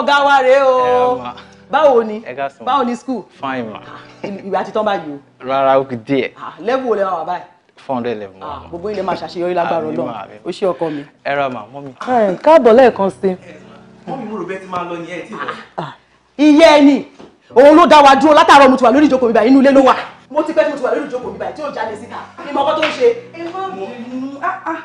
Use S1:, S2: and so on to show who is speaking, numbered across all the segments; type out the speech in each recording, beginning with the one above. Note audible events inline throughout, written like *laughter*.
S1: ọ̀gá wa rèé o báwo ni báwo ni school.
S2: fine ma. Ah,
S1: ìwé àti tán báyìí o.
S2: rárá o kì díẹ̀. Ah,
S1: level lẹ́wọ̀n wà báyìí.
S2: four hundred level.
S1: Ah, gbogbo ilé máa ṣàṣeyọrí lágbára Ọlọ́run
S2: o ṣé ọkọ mi. ẹ ra màá mọ́ mi.
S1: káàbọ̀ lẹ́ẹ̀kan sí. mọ́mí mo rò bẹ́ẹ̀ ti máa lọ ní ẹ̀ tí wọ́n. iye ẹni òun ló dá wa dúró látàárọ̀ mo ti wà lórí ìjókòó mi báyìí inú ilé ló wà mo ti pẹ́ tí mo ti wà lórí ìjókòó mi báyìí tí ó jáde síta ìmọ̀ ọkọ tó ń ṣe. ẹ má bínú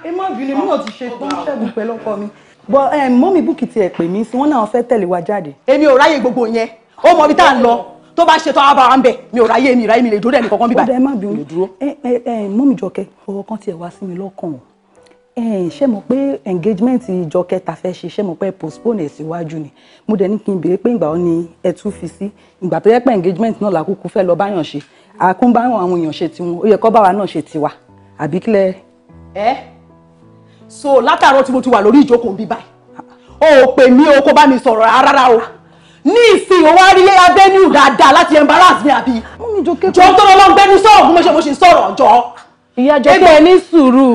S1: ẹ má bínú mi náà ti ṣe tó ń pẹ̀lú ọkọ mi bọ mọ́mí búùkì tiẹ̀ pè mí sí wọ́n náà fẹ́ tẹ̀lé wa jáde. èmi ò ráyè gbogbo yẹn ó mọ ibi tá à lọ tó bá ṣètò àbá wa ń bẹ mi ò ráyè mi ráyè mi lè dúró ẹnì kankan bíbá. ó dẹ má bí o mọ́mí jọkẹ́ ọ̀rọ̀ kan tiẹ̀ wá sí mi lọ́kàn o eh, ṣé mo pé engagement jọkẹ́ ta fẹ́ ṣe ṣé mo pé postpone ẹ̀ síwájú ni mo dẹ̀ ní kí n béèrè pé ìgbà wo ni ẹ tún fi sí ìgbà tó yẹ pé engagement náà làkúkú fẹ́ lọ báyàn ṣe àkúnbáwọn àwọn èèyàn ṣe tiwọn ó yẹ kọ́ báwa náà ṣe tiwa àbí ẹ so látàárọ̀ tí mo ti wà lórí ìjókòó bíi báyìí o ò pè mí o kó bá mi sọ̀rọ̀ rárá o ní ìsìn òun arílé abẹ́niù dáadáa láti embarrass mi àbí jọ tó lọ́ gbẹ́nu sọ̀rọ̀ bí mo ṣe mo ṣe ń sọ̀rọ̀ jọ. ìyá jọ pé ẹ ní sùúrù.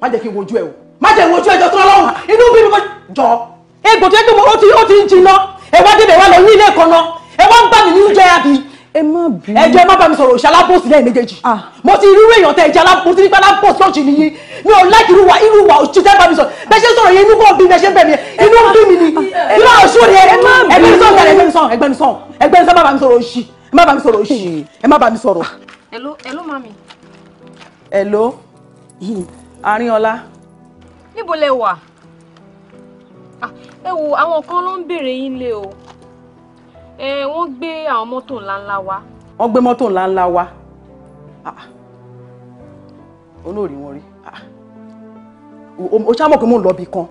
S1: má jẹ́ kí n wojú ẹ o má jẹ́ wojú ẹ jọ tó lọ́wọ́ inú bí mi kò jọ. egbò tó yẹ kí o ti ń jiná ẹ wá débẹ̀ wá lọ ní ilé náà ẹ wá ń bá mi ní oúnjẹ àbí ẹ má bínú. ẹ jẹ́ má bá mi sọ̀rọ̀ òṣì alábòsí lẹ́yìn méjèèjì. Ah. mo ti irú èèyàn tẹ ẹ̀jẹ̀ alábòsí nípa alábòsí lọ́ọ̀jì nìyí mi ò láti irú wa irú wa òṣì tẹ́ bá mi sọ̀rọ̀ bẹ́ẹ̀ ṣe sọ̀rọ̀ yẹn inú kò bí mi ẹ ṣe ń bẹ̀ mí inú bí mi ni irú òṣù ni ẹgbẹ́ni sọ̀rọ̀ ẹgbẹ́ni sọ̀rọ̀ Hello, hello mami. Hello. Arinola. Níbo lẹ wà? Ah, ẹ wo àwọn kan ló ń béèrè yín lé o. ẹ wọ́n gbé àwọn mọ́tò ńláńlá wá. wọ́n gbé mọ́tò ńláńlá wá ah, ah. olórí wọn rí ah, o ṣáà mọ̀ pé mò ń lọ ibì kan.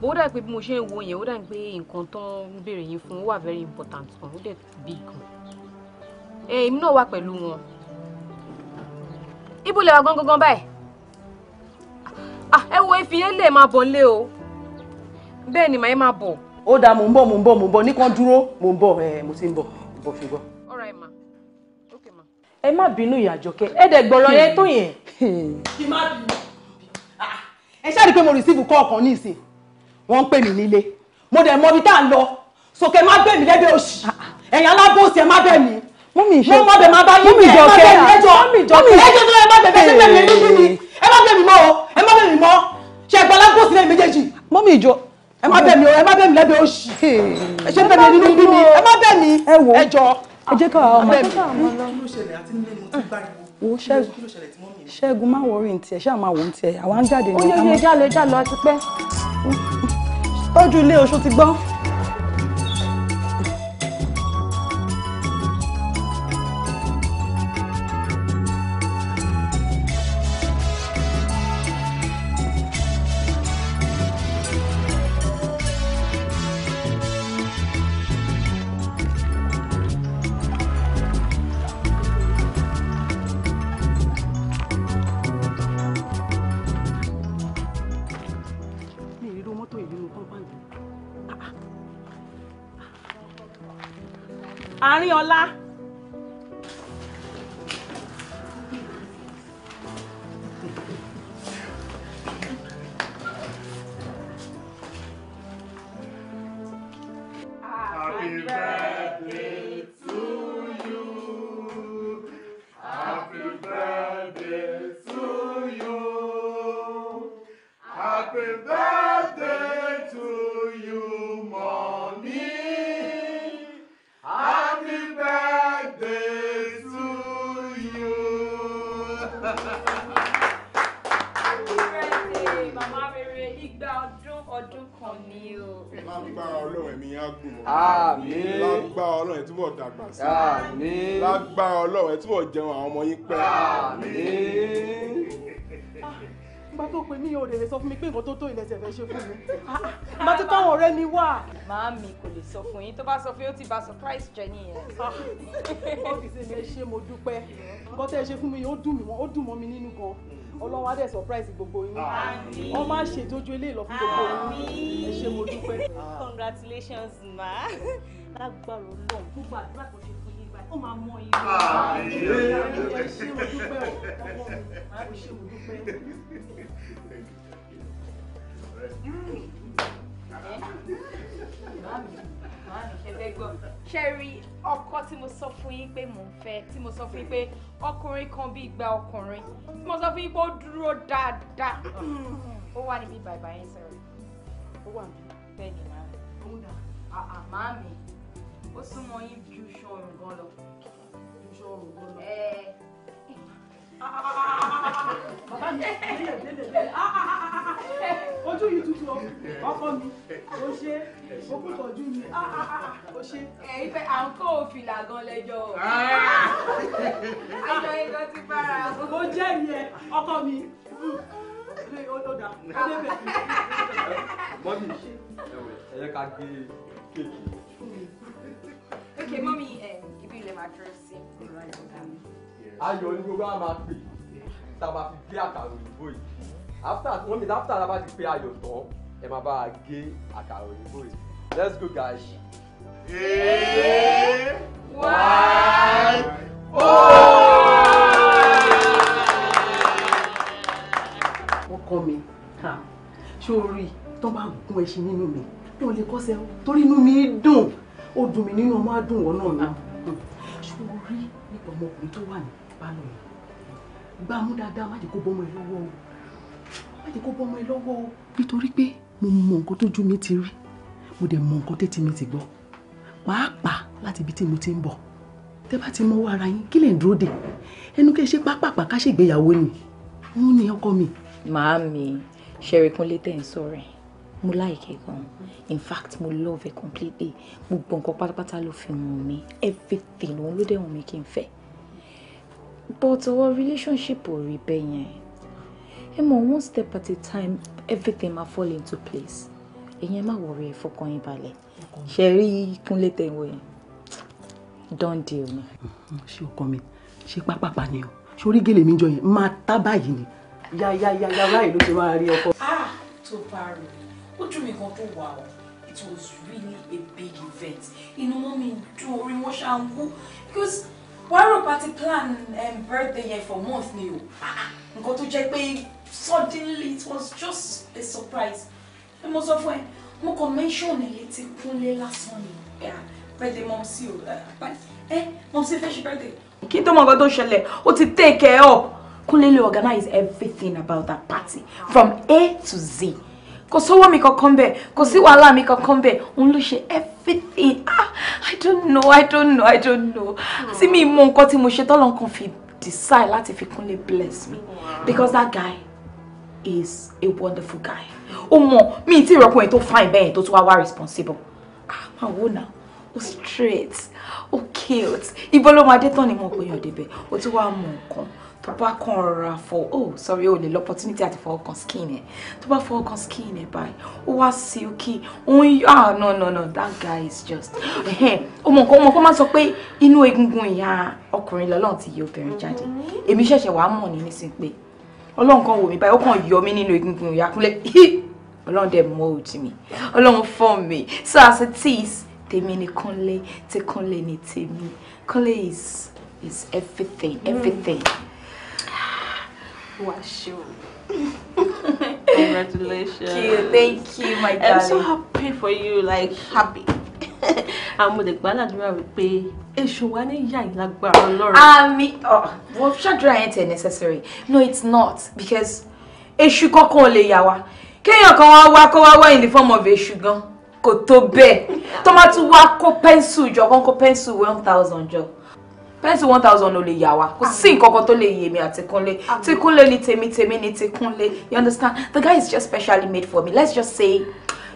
S1: bó dà pé bí mo ṣe ń wo yẹn ó dà ń pé nǹkan tó ń béèrè yín fún ó wà very important kan ó dẹ̀ bí kan. èmi náà wà pẹ̀lú wọn. ibo lè wà gangan báyìí. ẹ wo efi yẹn lè máa bọ̀ nílé o bẹ́ẹ̀ ni màá yẹn máa bọ̀. ó dáa mò ń bọ̀ mò ń bọ̀ mò ń bọ̀ nìkan dúró mò ń bọ̀ ẹ̀ mo ti ń bọ̀ bọ̀ fi gbọ́. ẹ má bínú ìyàjọkẹ́ ẹ dẹ̀ gbọ́rọ̀ yẹn tó yẹn. kì má bínú ẹ ṣáà rí i pé mo receive call kan ní ìsìn wọ́n ń pè mí nílé mo dẹ̀ mọ ibi tá à ń lọ sókè má bẹ̀ mí lẹ́bẹ̀ẹ́ òṣì ẹ̀yìn alábòsí ẹ má bẹ̀ mí mú mi ṣe mú mi bẹ̀ má bá yín bẹ̀ ẹ má bẹ̀ mí ẹjọ́ ẹjọ́ tó ẹ má bẹ̀ bẹ̀ ẹ má bẹ̀ mí mọ́ ẹ má bẹ̀ mí mọ́ ṣe ìgbàlágbòsí lẹ́yìn méjèèjì. mọ́mí ìjọ ẹ má bẹ̀ mí o ẹ má bẹ̀ mí lẹ́bẹ̀ oṣù ẹ ṣe bẹ̀ mí nínú bí mi ẹ má bẹ̀ mí ẹ jọ ẹ jẹ́ ká ọmọ bẹ̀
S2: mí. wo ṣẹ́gun
S1: ṣẹ́gun má wọrí ní tiẹ̀ ṣáà má wò ní tiẹ̀ àwa ń jáde ní. ó yẹ yẹ jálọ jálọ ti pẹ́. tọ́jú ilé oṣù ti gbọ́n.
S2: dàgbà sí. àmín. lágbára ọlọ́run ẹ túbọ̀ jẹun àwọn ọmọ yín pẹ́. àmín.
S3: Ah,
S1: ìgbà tó pè mí òde lè sọ fún mi pé nǹkan tó tó ìlẹsẹ̀ fẹ́ ṣe fún mi. Ah, ah, ìgbà tó táwọn ọ̀rẹ́ mi wà. màámi kò lè sọ fún yín tó bá sọ fún ó ti bá surprise jẹ nìyẹn. ọ́fíìsì mi ẹ mo dúpẹ́ nǹkan tẹ́ ẹ ṣe fún mi ó dùn mí wọ́n ó dùn mọ́ mi nínú gan-an ọlọ́wọ́ surprise gbogbo yín wọ́n máa ṣètọ́jú ilé ìlọ fún gbogbo yín ẹ ṣé mo dúpẹ́. congratulations ma lágbára Ọlọ́run gbogbo àdúrà tó ṣe fún yín báyìí ó
S4: máa mọ iye ẹ ṣé mo dúpẹ́ o ọmọ mi ẹ ṣé
S1: mo dúpẹ́ ṣẹ́rí ọkọ tí mo sọ fún yín pé mò ń fẹ́ tí mo sọ fún yín pé ọkùnrin kan bí igba ọkùnrin tí mo sọ fún yín pé ó dúró dáadáa ó wà níbi bàbá yẹn sọ̀rọ̀ ó wà níbi bẹ́ẹ̀ ni màá mi àmà ah, ah, mi ó súnmọ́ yín ju ṣọrùn gan lọ. ju ṣọrùn gan lọ.
S3: bàbá
S1: mi délé délé délé
S4: ojú yìí tutù ọkọ mi
S1: ó ṣe okùn tọ́jú mi ó ṣe. ẹ ife à ń kó òfìlà gan lẹ́jọ́ o. Ah! àjọ igan ti bára. mo jẹ́ ìyẹn ọkọ mi hmm,
S2: mọ́mí ẹ yẹ ká gbé kéèkì. Okay,
S1: mm-hmm. mommy. ibi ilẹ̀ máa dúró sí ìrora ìgbà mi.
S2: ayọ̀ ni gbogbo a máa pè tá a máa fi after wọ́n mi after about bá pay pè ayọ̀ tán ẹ máa bá a gé
S1: àkàrà òyìnbó let's go guys.
S3: Eight, one, oh!
S1: wọ́n kọ́ Come. ṣé o rí tó bá ń gún mommy. Don't let go, sir. Don't let torí inú ó dùn mí nínú ọmọ adùn wọn náà náà ah, hmm. ṣùgbọ́n rí nípa ọmọkùnrin tó wà ní pálọ̀ yìí gbá mú dáadáa má jẹ́ kó bọ́mọ ẹ lọ́wọ́ o má jẹ́ kó bọ́mọ ẹ lọ́wọ́ o. nítorí pé mo mọ nǹkan tójú mi ti rí mo dẹ̀ mọ nǹkan tétí mi ti gbọ́ pàápàá láti ibi tí mo ti ń bọ̀ tẹ́ bá ti mọ́wọ́ ara yín kí lè dúró dè ẹnu kẹ́ ṣe pápápá ká ṣègbéyàwó ni
S2: òun ni
S4: ọkọ
S1: mi. màámi ṣẹ̀rìkúnlé tẹ̀ ń sọ̀rọ̀ ẹ̀ mo like ẹ e gan in fact mo love ẹ e completely gbogbo nǹkan pátápátá ló fi hàn mí everything òun ló dẹ̀ hàn mí kí n fẹ́ but our relationship ò rí bẹ́ẹ̀ yẹn ẹ mọ̀ one step at a time everything ma fall into place èyàn má wọrí ẹ fọkàn yín balẹ̀ ṣe rí kúnlé tẹ̀wọ̀ yẹn don deal ni. Mm-hmm. ṣé ọkọ mi ṣé pápápá ni o ṣé orí gèlè mi jọ yẹn máa tá báyìí ni yáyáyáyá báyìí ló ti máa rí ọkọ. ah tó bá rò ojú mi you, tó wà o it was really a big event inú mọ́ mi dùn orí wọn ṣáà because why rò party plan um, birthday yẹn for month ni o ah, nǹkan tó suddenly it was just a surprise ẹ mo sọ fún ẹ mo kàn mention ẹ létí kúnlé lásán ni birthday mom sí o ẹ mom sí fẹ́ ṣe birthday. kí n tó mọ nǹkan tó ṣẹlẹ̀ take care of Kunlele organize everything about that party from A to Z kò sówó mi kankan bẹ́ẹ̀ kò sí wàhálà mi kankan bẹ́ẹ̀ òun ló ṣe everything ah i don't know i don't know i don't know sí mi mọ nǹkan tí mo ṣe tọ́lọ́ kan fi decide láti fi Kúnlé bless me because that guy is a wonderful guy ó mọ mi ti rọkùnrin tó fine bẹ́ẹ̀ tó tún wá wá responsible ah máa wò náà ó straight ó cute ibo tán ni mo pè yàn débẹ̀ ó tún wá mọ nǹkan tó bá kàn rọra fọ oh sorry o lè lọ opportunity àti fọwọ́ kan skin ẹ̀ tó bá fọwọ́ kan skin ẹ̀ báyìí ó wá silky ó ń yọ ah no no no that guy is just ó mọ̀ nǹkan ó mọ̀ kó má sọ pé inú egungun ìyá ọkùnrin lọ́lọ́run ti yẹ obìnrin jáde mm-hmm. èmi ṣẹ̀ṣẹ̀ wàá mọ̀ ní nísìnyí pé ọlọ́run kan wò mí báyìí ó kàn yọ mí nínú egungun ìyá kúnlẹ̀ ọlọ́run dẹ̀ mold mi ọlọ́run form mi so as it is tèmi ni Kúnlé tí Kúnlé ni tèmi Kúnlé is is everything mm. everything. Mm. Wàṣíù.
S3: *laughs*
S1: Congratulations.
S3: Thank you, thank you, my darling. I'm so
S1: happy for you, like happy. Àmọ́ lè gbàdúrà wípé èṣù wa ní ìyá ìlágbára Ọlọ́run. Àmì wọ́n ṣàdúrà yẹn tẹ̀ necessary. No, it's not because èṣù kankan ò lè yà wá. Kéèyàn kan wá wá kó wá wá in the form of èṣù gan. Kò tó bẹ́ẹ̀. Tó máa tún wá kó pẹ́ńsù jọ, kó pẹ́ńsù one thousand jọ pẹ́ǹsì one thousand ò lè yà wá kò sí nǹkan kan tó lè yé mi àti kúnlé tí kúnlé ni tèmi tèmi ni ti kúnlé you understand the guy is just specially made for me let's just say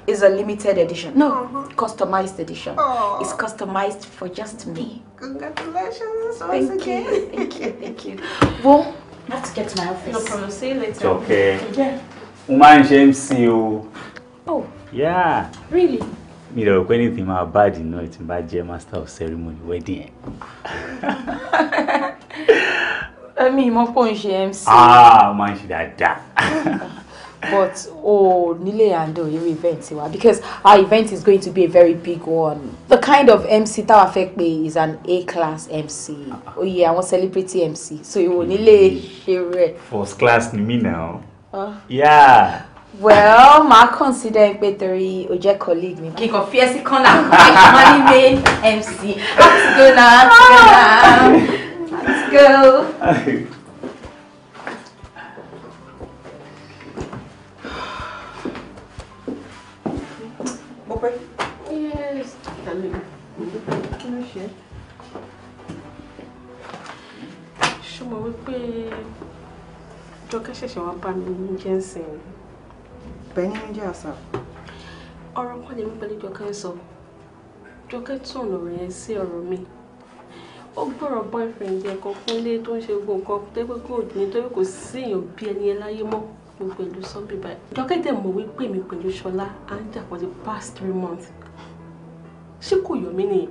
S1: it's a limited edition no uh-huh. customized edition oh. it's customized for just me.
S3: congratulations once thank you
S1: thank you thank you. well I have to get to my office. no problem see you later. okay. Yeah. máa ń
S2: ṣe MC o. oh. yeah. really mi rò pé anything máa bad nínú ẹ̀ tí n bá jẹ́ master of ceremony wedding ẹ̀.
S1: *laughs* ẹ̀mí ìmọ̀pọ̀ ń ṣe MC. ah
S2: máa ń ṣe dáadáa.
S1: *laughs* but o oh, nílé handle irú event wa because our event is going to be a very big one the kind of MC táwa fẹ́ pé is an A-class MC oyè ah. àwọn celebrity MC so ìwọ nílé mm. ṣe rẹ.
S2: first class ni mí náà. Ah. yeah
S1: well máa consider pé torí o jẹ́ colleague mi kí n kàn fi ẹ́ sí kọ́nà máa ní main mc let's go now let's
S3: go now let's go. Ope. Yes. Kí ló ṣe? Ṣé mo wí pé Jọkẹ́
S1: ṣẹ̀ṣẹ̀ wá bá mi ní Jẹ́nsìn? bẹ́ẹ̀ ni jẹ́ àṣà. ọ̀rọ̀ kan lèmi pẹ̀lú jọkẹ́ sọ jọkẹ́ tún ọ̀nà rẹ̀ sí ọ̀rọ̀ mi ó gbọ́rọ̀ boyfriend yẹn kan fún ilé tó ń ṣe gbogbo nǹkan tó pé kó òdì nítorí kò sí èèyàn bí ẹni ẹ láyé mọ́ mo pẹ̀lú sunday báyìí jọkẹ́ dẹ̀ mọ̀ wípé mi pẹ̀lú ṣọlá à ń jà for the past three months ṣé kò yọ mí nìyẹn.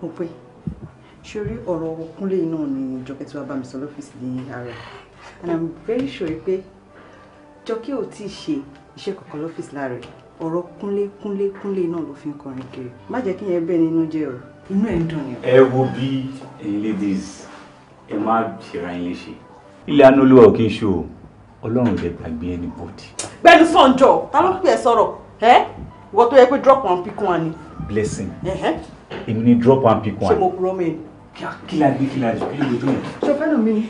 S1: mo pé ṣorí ọ̀rọ̀ kúnlé náà ni jọkẹ́ tí wàá bá mi sọ lọ́fíìsì ní ara and i'm very sure pé. Pe jọkẹ́ ò tí ì ṣe iṣẹ́ kankan lọ́fíìsì láàrẹ̀ ọ̀rọ̀ kúnlé kúnlé kúnlé náà ló fi ń kọrin kiri má jẹ́ kí yẹn bẹ́ẹ̀ nínú jẹ́ o
S3: inú ẹ̀ ń
S2: dùn ni. ẹ wo bí ẹ̀yin ladies ẹ má ṣera yín léṣe ilé àánú olúwa ò kí ń ṣó o ọlọ́run lè gbàgbé ẹni bòdì.
S1: gbẹ́nu sọ̀njọ́ ta ló ń pè sọ̀rọ̀ ẹ́ ìwọ tó yẹ pé drop one pick one ni.
S2: blessing èmi ni drop one
S4: pick one. ṣé mo purọ́ mẹ́rin kí la gbé kí la jù kí ló dojú yẹn.
S1: sọ fẹ́ lómi ni.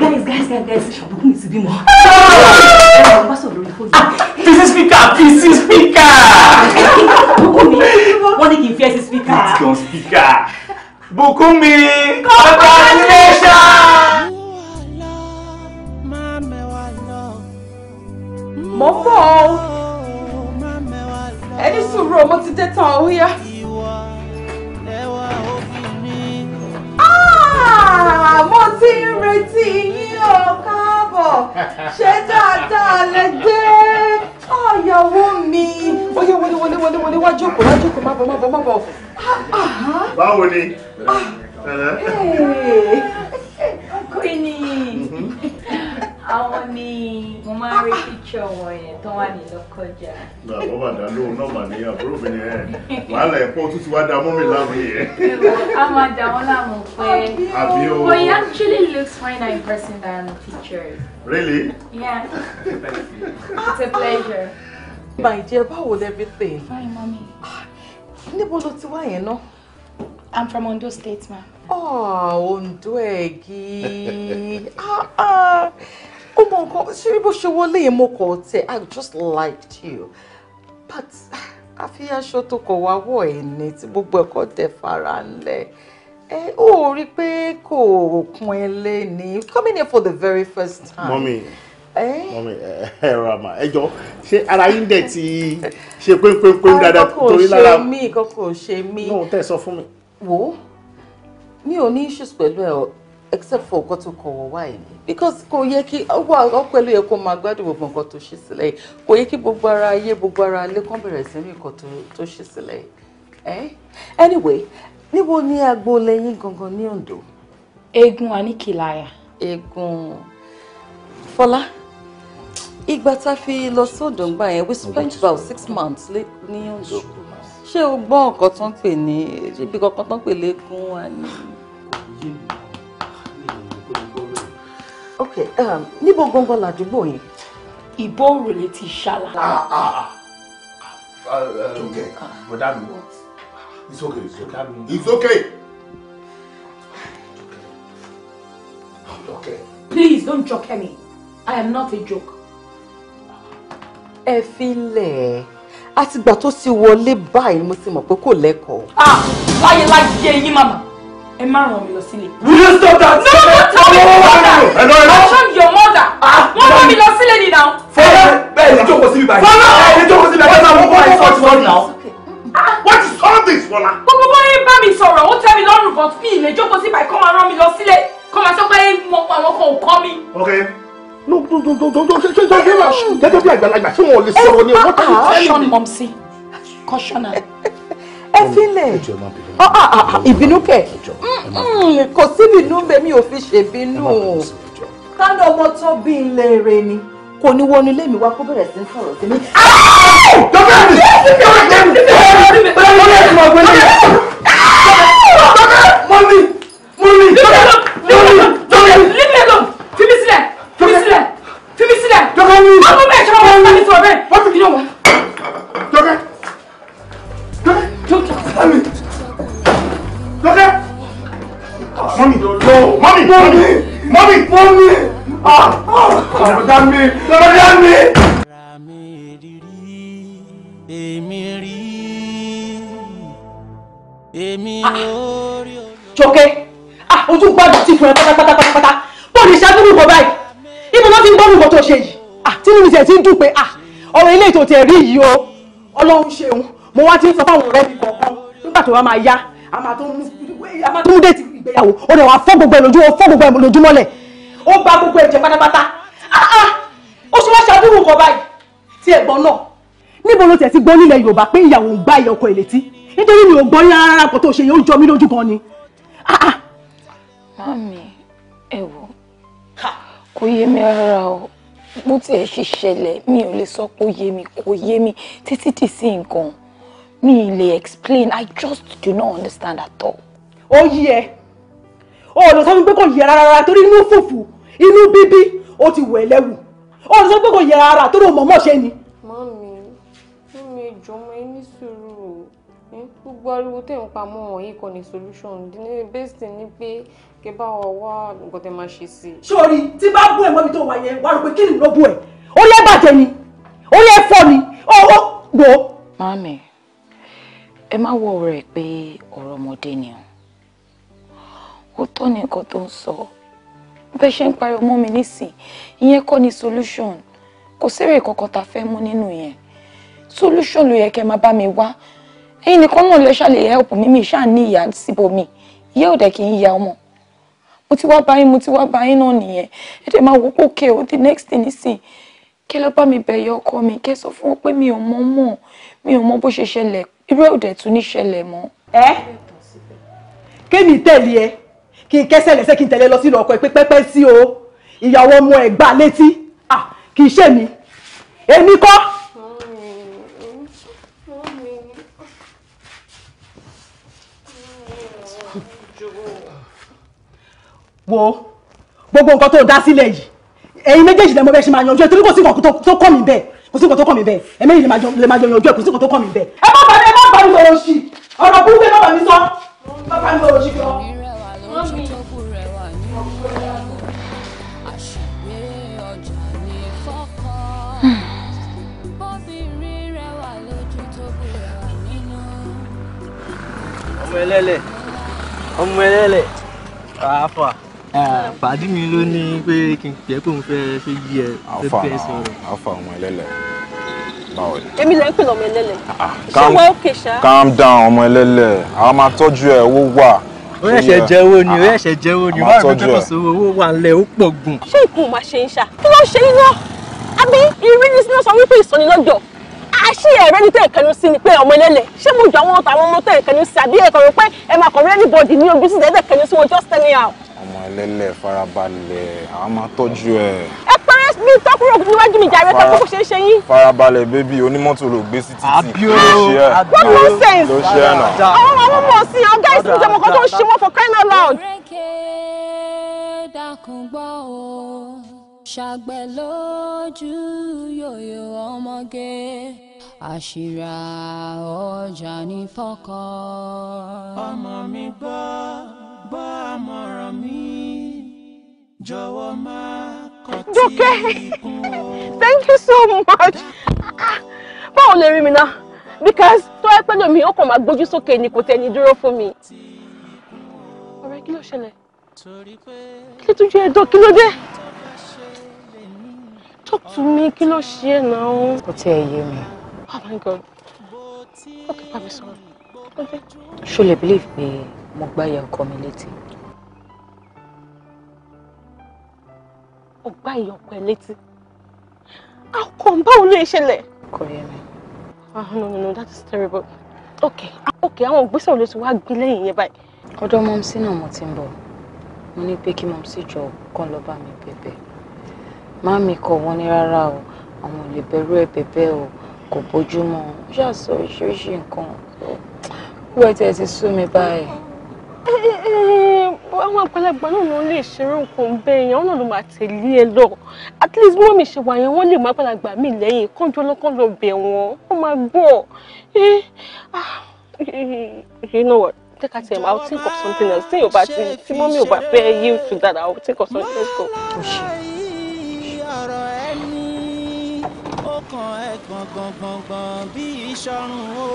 S1: guys
S3: guys guys guys ṣàbùkù mi ti bímọ. ẹ ah! ẹ wá sọ̀rọ̀ lórí
S1: fóònù. pc ah! speaker pc speaker. Bùkúnmi wọ́n ní kì í fi ẹsẹ̀ speaker. it's your speaker. Bùkúnmi congratulations. mo ń bọ̀ ọ́ ẹni sùúrù ọmọ ti dé tán ó yá. mo ti ń retí yín o káàbọ̀
S3: ṣé dáadáa lè dé
S1: ọ̀yàwó mi oyè wọlé wọlé wọlé wọlé wá jókòó wá jókòó má bọ̀ má bọ̀ má bọ̀.
S3: báwo ni. Ah, ah.
S1: *laughs* ọkọ ẹni àwọn ni mo máa ń rí píkṣọ wọn yẹn tó wà ní lọ́kọjà.
S2: bàbá bàdá lóun náà mà ní àbúrò mi yẹn wàhálà ẹ̀pọ̀ tó wá da mọ́mì láàmú yẹn.
S1: a máa dà wọ́n láàmú pé àbí o. but he actually looks finer in person than pictures.
S2: really. yeah it's
S1: a pleasure. my dear báwo lẹ fi pè fine mami. Ah, níbo ló ti wá yẹn náà. I'm from Ondo State, ma'am. Oh, Ondo Egi. ah, ah ó mọ nǹkan ṣé bó ṣe wọlé yẹn mo kọ̀ I just liked you but àfi aṣọ tó kọ̀ wá wọ̀ ẹ̀ ní tí gbogbo ẹ̀kọ́ tẹ fara ńlẹ̀ ẹ ó rí i pé kò kún ẹ lé ní coming here for the very first time. mọ́mí
S2: mọ́mí ẹ rọra mà ẹ jọ ṣé ara yín dẹ̀ ti ṣe péńpéńpéń dáadáa torí lára kókò
S1: ṣe mí kókò ṣe mí. náà tẹ̀ sọ fún mi. wo mi ò ní issues pẹ̀lú ẹ̀ except for ọkọ tó kọ̀wọ̀ wá yìí because kò yẹ kí ọkọ ẹlú yẹ kó máa gbádùn gbogbo nǹkan tó ṣí sílẹ̀ yìí kò yẹ kí gbogbo ara ayé gbogbo ara ilé kan bẹ̀rẹ̀ sí ní nǹkan tó ṣí sílẹ̀ yìí eh? anyway níbo ni agboolé yín gangan ní Ondo. eégún Aníkìláyà. eégún Fọlá ìgbà tá a fi lọ sódò ń yẹn we spent about six months ní Ondo ṣé o gbọ́ nǹkan tó ń pè ní ibi kankan tó ń pè lẹ́gùn wa ni. Okay, um, ok níbo gbọ̀ngàn làdúgbò yìí. ìbò òrùlé ah, ṣàlà.
S4: tókè bọ̀dá mi it's okay it's okay it's okay. Okay.
S3: Please
S1: don't joke me. I am not a joke. Ẹ fi lẹ̀. Àtìgbà tó ti wọlé báyìí mo ti mọ̀ pé kò lẹ́kọ̀ọ́. Ah! Láyé láyé yín mama ẹ má ràn mí lọ sílé. will you stop that. no no tell me your mother i show your mother. wọ́n rán mi lọ sílé ni now. fọlá bẹ́ẹ̀ ni jókòó síbi báyìí. fọlá bẹ́ẹ̀ ni jókòó síbi báyìí. wọ́n máa wọ́n sọ ti now. what is all this fọlá. gbogbo bọ́lá bá mi sọ̀rọ̀ ó tẹ́ mi lọ́rùn but mi ì lè jókòó síbi báyìí kọ́ máa rán mi lọ sílé kọ́ máa sọ pé àwọn kan ò kọ́ mi.
S2: okay no no no no no no ṣe ṣe ṣe ṣe gẹ́gẹ́ bí àgbàlagbà ṣé wọn ò lè sọ̀rọ̀ ni wọn kàn án. caution
S1: mom si caution am ẹ filẹ̀ ìbínú kẹ̀ kò sí ìbínú bẹ́ẹ̀ mi ò fi ṣèbínú kánú ọmọ tó bí ilé rẹ ni kò ní wọnú ilé mi wá kó bẹ̀rẹ̀ sí ń sọ̀rọ̀ sí mi. mọ́mí mọ́mí mọ́mí mọ́mí fimi sílẹ̀ fimi sílẹ̀ fimi sílẹ̀. jọkẹ́ mi. ọmọ bẹ́ẹ̀ ṣe máa wọ́n fún mi sọ̀rọ̀ bẹ́ẹ̀. wọ́n fi kí ni wọ́n.
S4: jọkẹ́. Mami! Lọ́kẹ́! Mami! mommy, Mami! mommy, Mami! Ah! Ọ̀dà mi! Ọ̀dà mi! Èmi
S1: rí èmi ah. lórí Ah, Jọkẹ́ ojú gbàgbà ti fún ẹ pátápátápátá bọ́ọ̀lù ìṣàdúró bọ̀ báyìí ibo ló ti ń gbọ́nù bọ̀ tó ṣe yìí ah, tínú mi tẹ̀ ti ń dùn pé ah, ọ̀rọ̀ ilé ètò tẹ̀ rí yìí o Ọlọ́run ṣeun mo wá ti ń sọ fáwọn ọ̀rẹ́ mi kọ̀ọ̀kan nígbà tó wá máa yá a máa tó mú déètì ìgbéyàwó ó dẹ̀ wá fọ́ gbogbo ẹ̀ lójú ó fọ́ gbogbo ẹ̀ lójú mọ́lẹ̀ ó gba gbogbo ẹ̀ jẹ́ pátápátá ah, ah, ó ṣe wá ṣàdúró nǹkan báyìí tí ẹ̀gbọ́n náà níbo ló tẹ̀ ti gbọ́ nílẹ̀ Yorùbá pé ìyàwó ń gbá ìyọkọ ẹ̀ létí nítorí mi ò gbọ́ ní rárá kò tó ṣe yóò jọ mí lójú gan ni. Ah, Mami, ẹ wò, kò yé mi rárá o, bó tiẹ̀ ṣe ṣẹlẹ̀ mi ò lè sọ pé ó yé mi kò yé mi títí dì sí nǹkan mi lè explain i just do not understand at all. ó yí ẹ ọ̀nà sọ fún pé kò yẹ rárá rárá torí inú fùfù inú bíbí ó ti wẹ̀ lẹ́wù ọ̀nà sọ fún pé kò yẹ rárá torí o mọ̀ọ́mọ̀ ṣe ni. mami mami ìjọ ọmọ yín ní sùúrù gbogbo ariwo tẹ̀ ń pa wọ̀nyí kò ní solution the best thing ni pé kí bá wọ wá nǹkan tẹ máa ṣe sí. sori tí bá bú ẹ mọ́bi tó wà yẹn wàá rò pé kí ni ló bú ẹ ó yẹ bàjẹ́ ni ó yẹ ni ó ó gbó. mami ẹ má wọ rẹ̀ pé ọ̀rọ̀ ọmọdé ni o ó tọ́ ní nǹkan tó ń sọ
S3: bẹ́ ṣe ń pariwo mọ́ mi
S1: nísìn ìyẹn kọ́ ni solution kò sérè kankan tá fẹ́ mú nínú yẹn solution ló yẹ kẹ́ máa bá mi wá ẹ̀yin nìkan náà lè ṣàlè help mi mi ṣáà ní ìyá síbòmí ìyá ò dẹ̀ kí n ya ọmọ mo ti wá báyìí mo ti wá báyìí náà nìyẹn ẹ dẹ̀ máa wò ó pòkè o the next thing nísìn kẹ́ lọ bá mi bẹ̀yẹ ọkọ mi kẹ́ sọ fún wọn pé mi ò mọ̀ mọ̀ mi ò mọ̀ bó ṣe ṣẹlẹ̀ irú òdẹ tún ní ṣẹlẹ̀ mọ́. ẹ kémi tẹ̀lé ẹ kí n kẹ́sẹ̀ lẹ́sẹ̀ kí n tẹ̀lé lọ sí ọkọ ẹ pé pẹ́pẹ́ sí o ìyàwó ọmọ ẹ gbà létí kì í ṣe mi èmi kọ́. wo gbogbo nǹkan tó dá sílẹ̀ yìí ẹ̀yin méjèèjì lẹ́mọ bẹ́ẹ̀ ṣe máa yanjú ẹ torí kò sí nǹkan tó kọ́ mi bẹ́ẹ̀ kò sí nǹkan tó kàn mí bẹ́ẹ̀ ẹ lè máa jọ yanjú ẹ kò sí nǹkan tó kàn mí bẹ́ẹ̀. ẹ má bàa ẹ má bàa mi sọ̀rọ̀ sí ọ̀rọ̀ burúkú ẹ má bàa mi sọ má bàa mi sọ̀rọ̀ sí lọ.
S2: ọmọ ẹlẹ́lẹ̀ ọmọ ẹlẹ́lẹ̀ àáfà. Ah, pàdé mi ló ní pé kí n pẹ́ kó n fẹ́ fẹ́ yí ẹ fẹ́ fẹ́ sọ̀rọ̀. àfa àwọn ẹlẹ́lẹ̀ báwo ni. èmi lè
S1: ń pè lọ́mọ ẹlẹ́lẹ̀. Ah, ṣé wọ́n òkè ṣá. calm
S2: down ọmọ ẹlẹ́lẹ̀ àwọn máa tọ́jú ẹ̀ owó wà ó yẹ̀ṣẹ̀ jẹ́ owó ni ó yẹ̀ṣẹ̀ ah, jẹ́ owó ni wọ́n àgbẹ̀ kọ́kọ́ sówó owó wà lẹ̀ ó pọ̀ gùn.
S1: ṣé ìkun máa ṣe ń ṣá kí ló ń ṣe yín náà àbí ìrírí sí náà sọ wípé ìsọnilọ́jọ̀ àṣì ẹ̀rẹ́ ní tẹ̀ kẹnu sí ni pé ọmọ ẹlẹ́lẹ̀ ṣé mo jọ àwọn ọ̀tà àwọn ọmọ tẹ̀ kẹnu sí àbí ẹ̀kọ́ rẹ pé ẹ máa kọ̀ rẹ́ níbọ̀dì ní ojú sí tẹ̀ kẹnu sí wọn just anyhow
S4: ọmọ ẹlẹ́lẹ̀ farabalẹ̀ àwa máa tọ́jú ẹ̀.
S1: ẹ pẹ́rẹ́ mi tọ́ níwájú mi jàre tó kókó ṣe é ṣe yín.
S4: farabalẹ̀ bébí onímọ́tò ló gbé sí títì ló ṣe ẹ̀ what nonsense ló ṣe ẹ̀ náà. àwọn ọmọ mọ̀ sí i ọ̀gá ìsìn ìjọba kan tó ń ṣe
S1: wọn for crying out loud. ṣàgbẹ̀ lójú yòyò ọmọge
S3: àṣìrà ọjà ní fọ́kọ. ọmọ mi gbọ́ gbọ́ àmọ̀ràn mi
S1: jọ̀wọ́ má kọtí ikún o. thank you so much. Ah, báwo lè rí mi náà because tó ẹ pẹ́ lómi ó kàn máa gbójú sókè ni kò tẹ́ni dúró fún mi.
S3: ọ̀rẹ́ kí ló ṣẹlẹ̀
S1: kí ló tún jẹ́ ẹ̀dọ́ kí ló dé talk to me kí ló ṣe é náà. ó ti ẹ̀ yé mi.
S3: oh my god okay pàmì sọ̀rọ̀
S1: ṣó lè believe me mo gbá ìyá ọkọ mi létí. ó gbá ìyá ọkọ ẹ létí ọkàn báwo ló ṣẹlẹ̀. kò yé mi. ah no no no that is terrible. ok ok àwọn ògbésẹ̀ olóṣù wa gbin lẹ́yìn yẹn báyìí. ọ̀dọ̀ mọmsí náà mo ti ń bọ̀ mo ní pé kí mọmsí jọ kán lọ bá mi bẹ̀bẹ̀ màmí kọ̀ wọ́n ní rárá o àwọn ò lè ẹ bẹ̀bẹ̀ o kò bójúmọ́ ó ṣàṣọ oríṣiríṣi nǹkan ó wẹ̀ tẹ̀ ti sú mi báyìí. Eh, eh, eh, àwọn àgbàlagbà náà ló lè ṣeré nǹkan bẹ́ẹ̀ yẹn ọ̀nà ló máa tẹ̀lé ẹ lọ at least wọ́n mi ṣe wà wọ́n lè má àgbàlagbà mi lẹ́yìn kánjọ́ lọ́kàn lọ bẹ̀ wọ́n wọ́n máa gbọ́ ah, you know what take her time I'll think of something else tí yóò bá ti tí mọ́mí ò bá fẹ́ yield to that I'll think of something else go. ọ̀rọ̀ ẹni
S2: ó kàn ẹ́ gbọ̀ngbọ̀ngbọ̀ngbọ̀n bí ìṣọ́run ó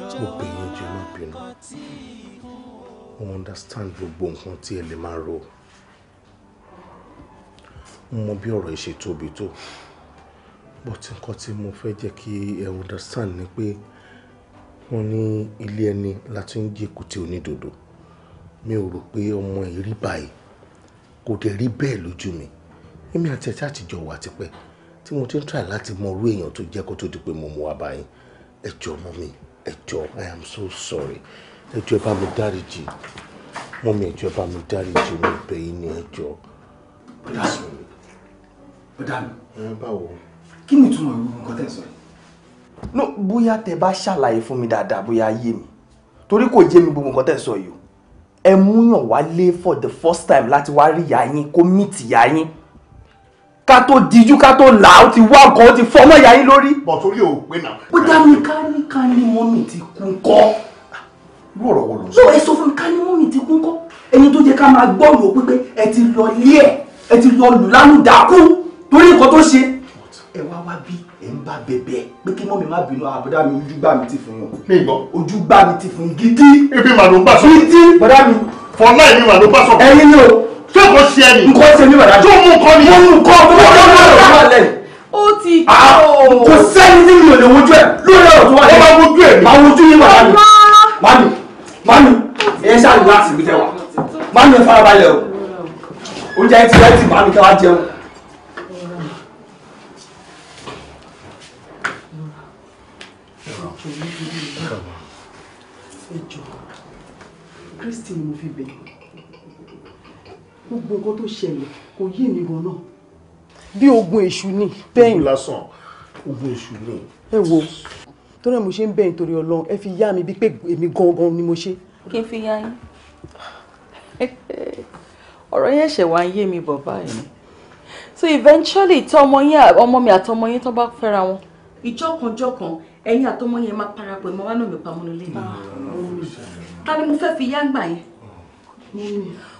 S4: mo pè yín jẹ́ má bínú mo understand gbogbo nǹkan tí ẹ lè máa rò mo mọ bí ọ̀rọ̀ yìí ṣe tóbi tó but nǹkan tí mo fẹ́ jẹ́ kí ẹ understand ni pé wọ́n ní ilé ẹni láti ń jí èkúté onídòdó mi ò rò pé ọmọ yìí rí báyìí kò dẹ̀ rí bẹ́ẹ̀ lójú mi èmi àti ẹ̀tí àtijọ́ wà tipẹ́ tí mo ti ń try láti mọ orú èèyàn tó jẹ́ kó tó di pé mo mú wa báyìí ẹ jọ̀ọ́ mọ́ mi ẹ i am so sorry ẹ jọ̀ọ́ ẹ bá mi dáríjì mọ́mí ẹ jọ̀ọ́ ẹ bá mi dáríjì mo bẹ̀ yín ní ẹ jọ̀ọ́. bọ́dà sọ mi
S2: bọ́dà mi. ẹ báwo. kí ni ìtumọ̀ ìwé nǹkan tẹ̀ sọ no bóyá tẹ bá ṣàlàyé fún mi dáadáa bóyá yé mi torí kò yé mi gbogbo nǹkan tẹ̀ sọ yìí o ẹ múyàn wálé for the first time láti wá rí ìyá yín kó mìtì ìyá yín ká tó dijú ká tó là ó ti wá nǹkan ó ti fọmọ ìyá yín lórí. bọ̀ torí ò pé náà.
S1: ó dá
S4: mi ká ní ká ní mọ́mì ti
S1: kú
S2: kọ́. lóòrọ̀ wo ló sọ.
S1: lóòrọ̀ èso fún mi ká ní mọ́mì ti kú kọ́ ẹni tó jẹ́ ká máa gbọ́rùn ó pípé ẹ ti lọ lé ẹ ẹ ti lọ lù
S2: lálùdákú torí nǹkan tó ṣe. ẹ wá wá bí ẹ ń bá bẹ̀bẹ̀ pé kí mọ́mì má bínú àbúdá mi ojú gbá mi ti fún yàn. mi gbọ́. ojú gbá mi ti fún gidi. ebi màlúù bá sọ. gidi.
S1: bọ́dá mi. fọláì ṣé kò sí ẹni. nǹkan ṣe ní bàdá. tó mú nǹkan ni. mo mú nǹkan tó wọ́n lọ́wọ́ lọ́wọ́ wà lẹ́yìn.
S3: ó ti tó. Ah, kò sẹ́ni
S1: tí mi ò lè wojú ẹ̀
S2: lórí ọ̀rọ̀ tó wà lẹ́yìn. ó máa wojú ẹ̀ mi. máa wojú yín bàdá mi. mami mami ẹ ṣáà ní láti ibi tẹ wá. mami ẹ farabalẹ̀ o. oúnjẹ ti rẹ ti mami ká wá jẹun.
S1: Christy ni mo fi bẹ̀rẹ̀ gbogbo nǹkan tó ṣẹlẹ̀ kò yé mi gan náà. bí ogun èṣù ni bẹ́ẹ̀ ni. ogun lásán ogun èṣù ni. ẹ wo torí ẹ mo ṣe ń bẹ̀yìn torí ọlọ́run ẹ fi yá mi bíi pé èmi gangan ni mo ṣe. kí n fi yá yín ọ̀rọ̀ yẹn ṣẹ̀ wá ń yé mi bàbá yẹn so eventually tọmọ yín ọmọ mi àtọmọ yín tó bá fẹ́ra wọn. ìjọkànjọkàn ẹ̀yin àtọmọ yẹn máa parapọ̀ ẹ̀ máa wá nà mí pamọ́ nílé mi. Ah, ta ni mo fẹ́ fi yá gbà yẹn. Mm.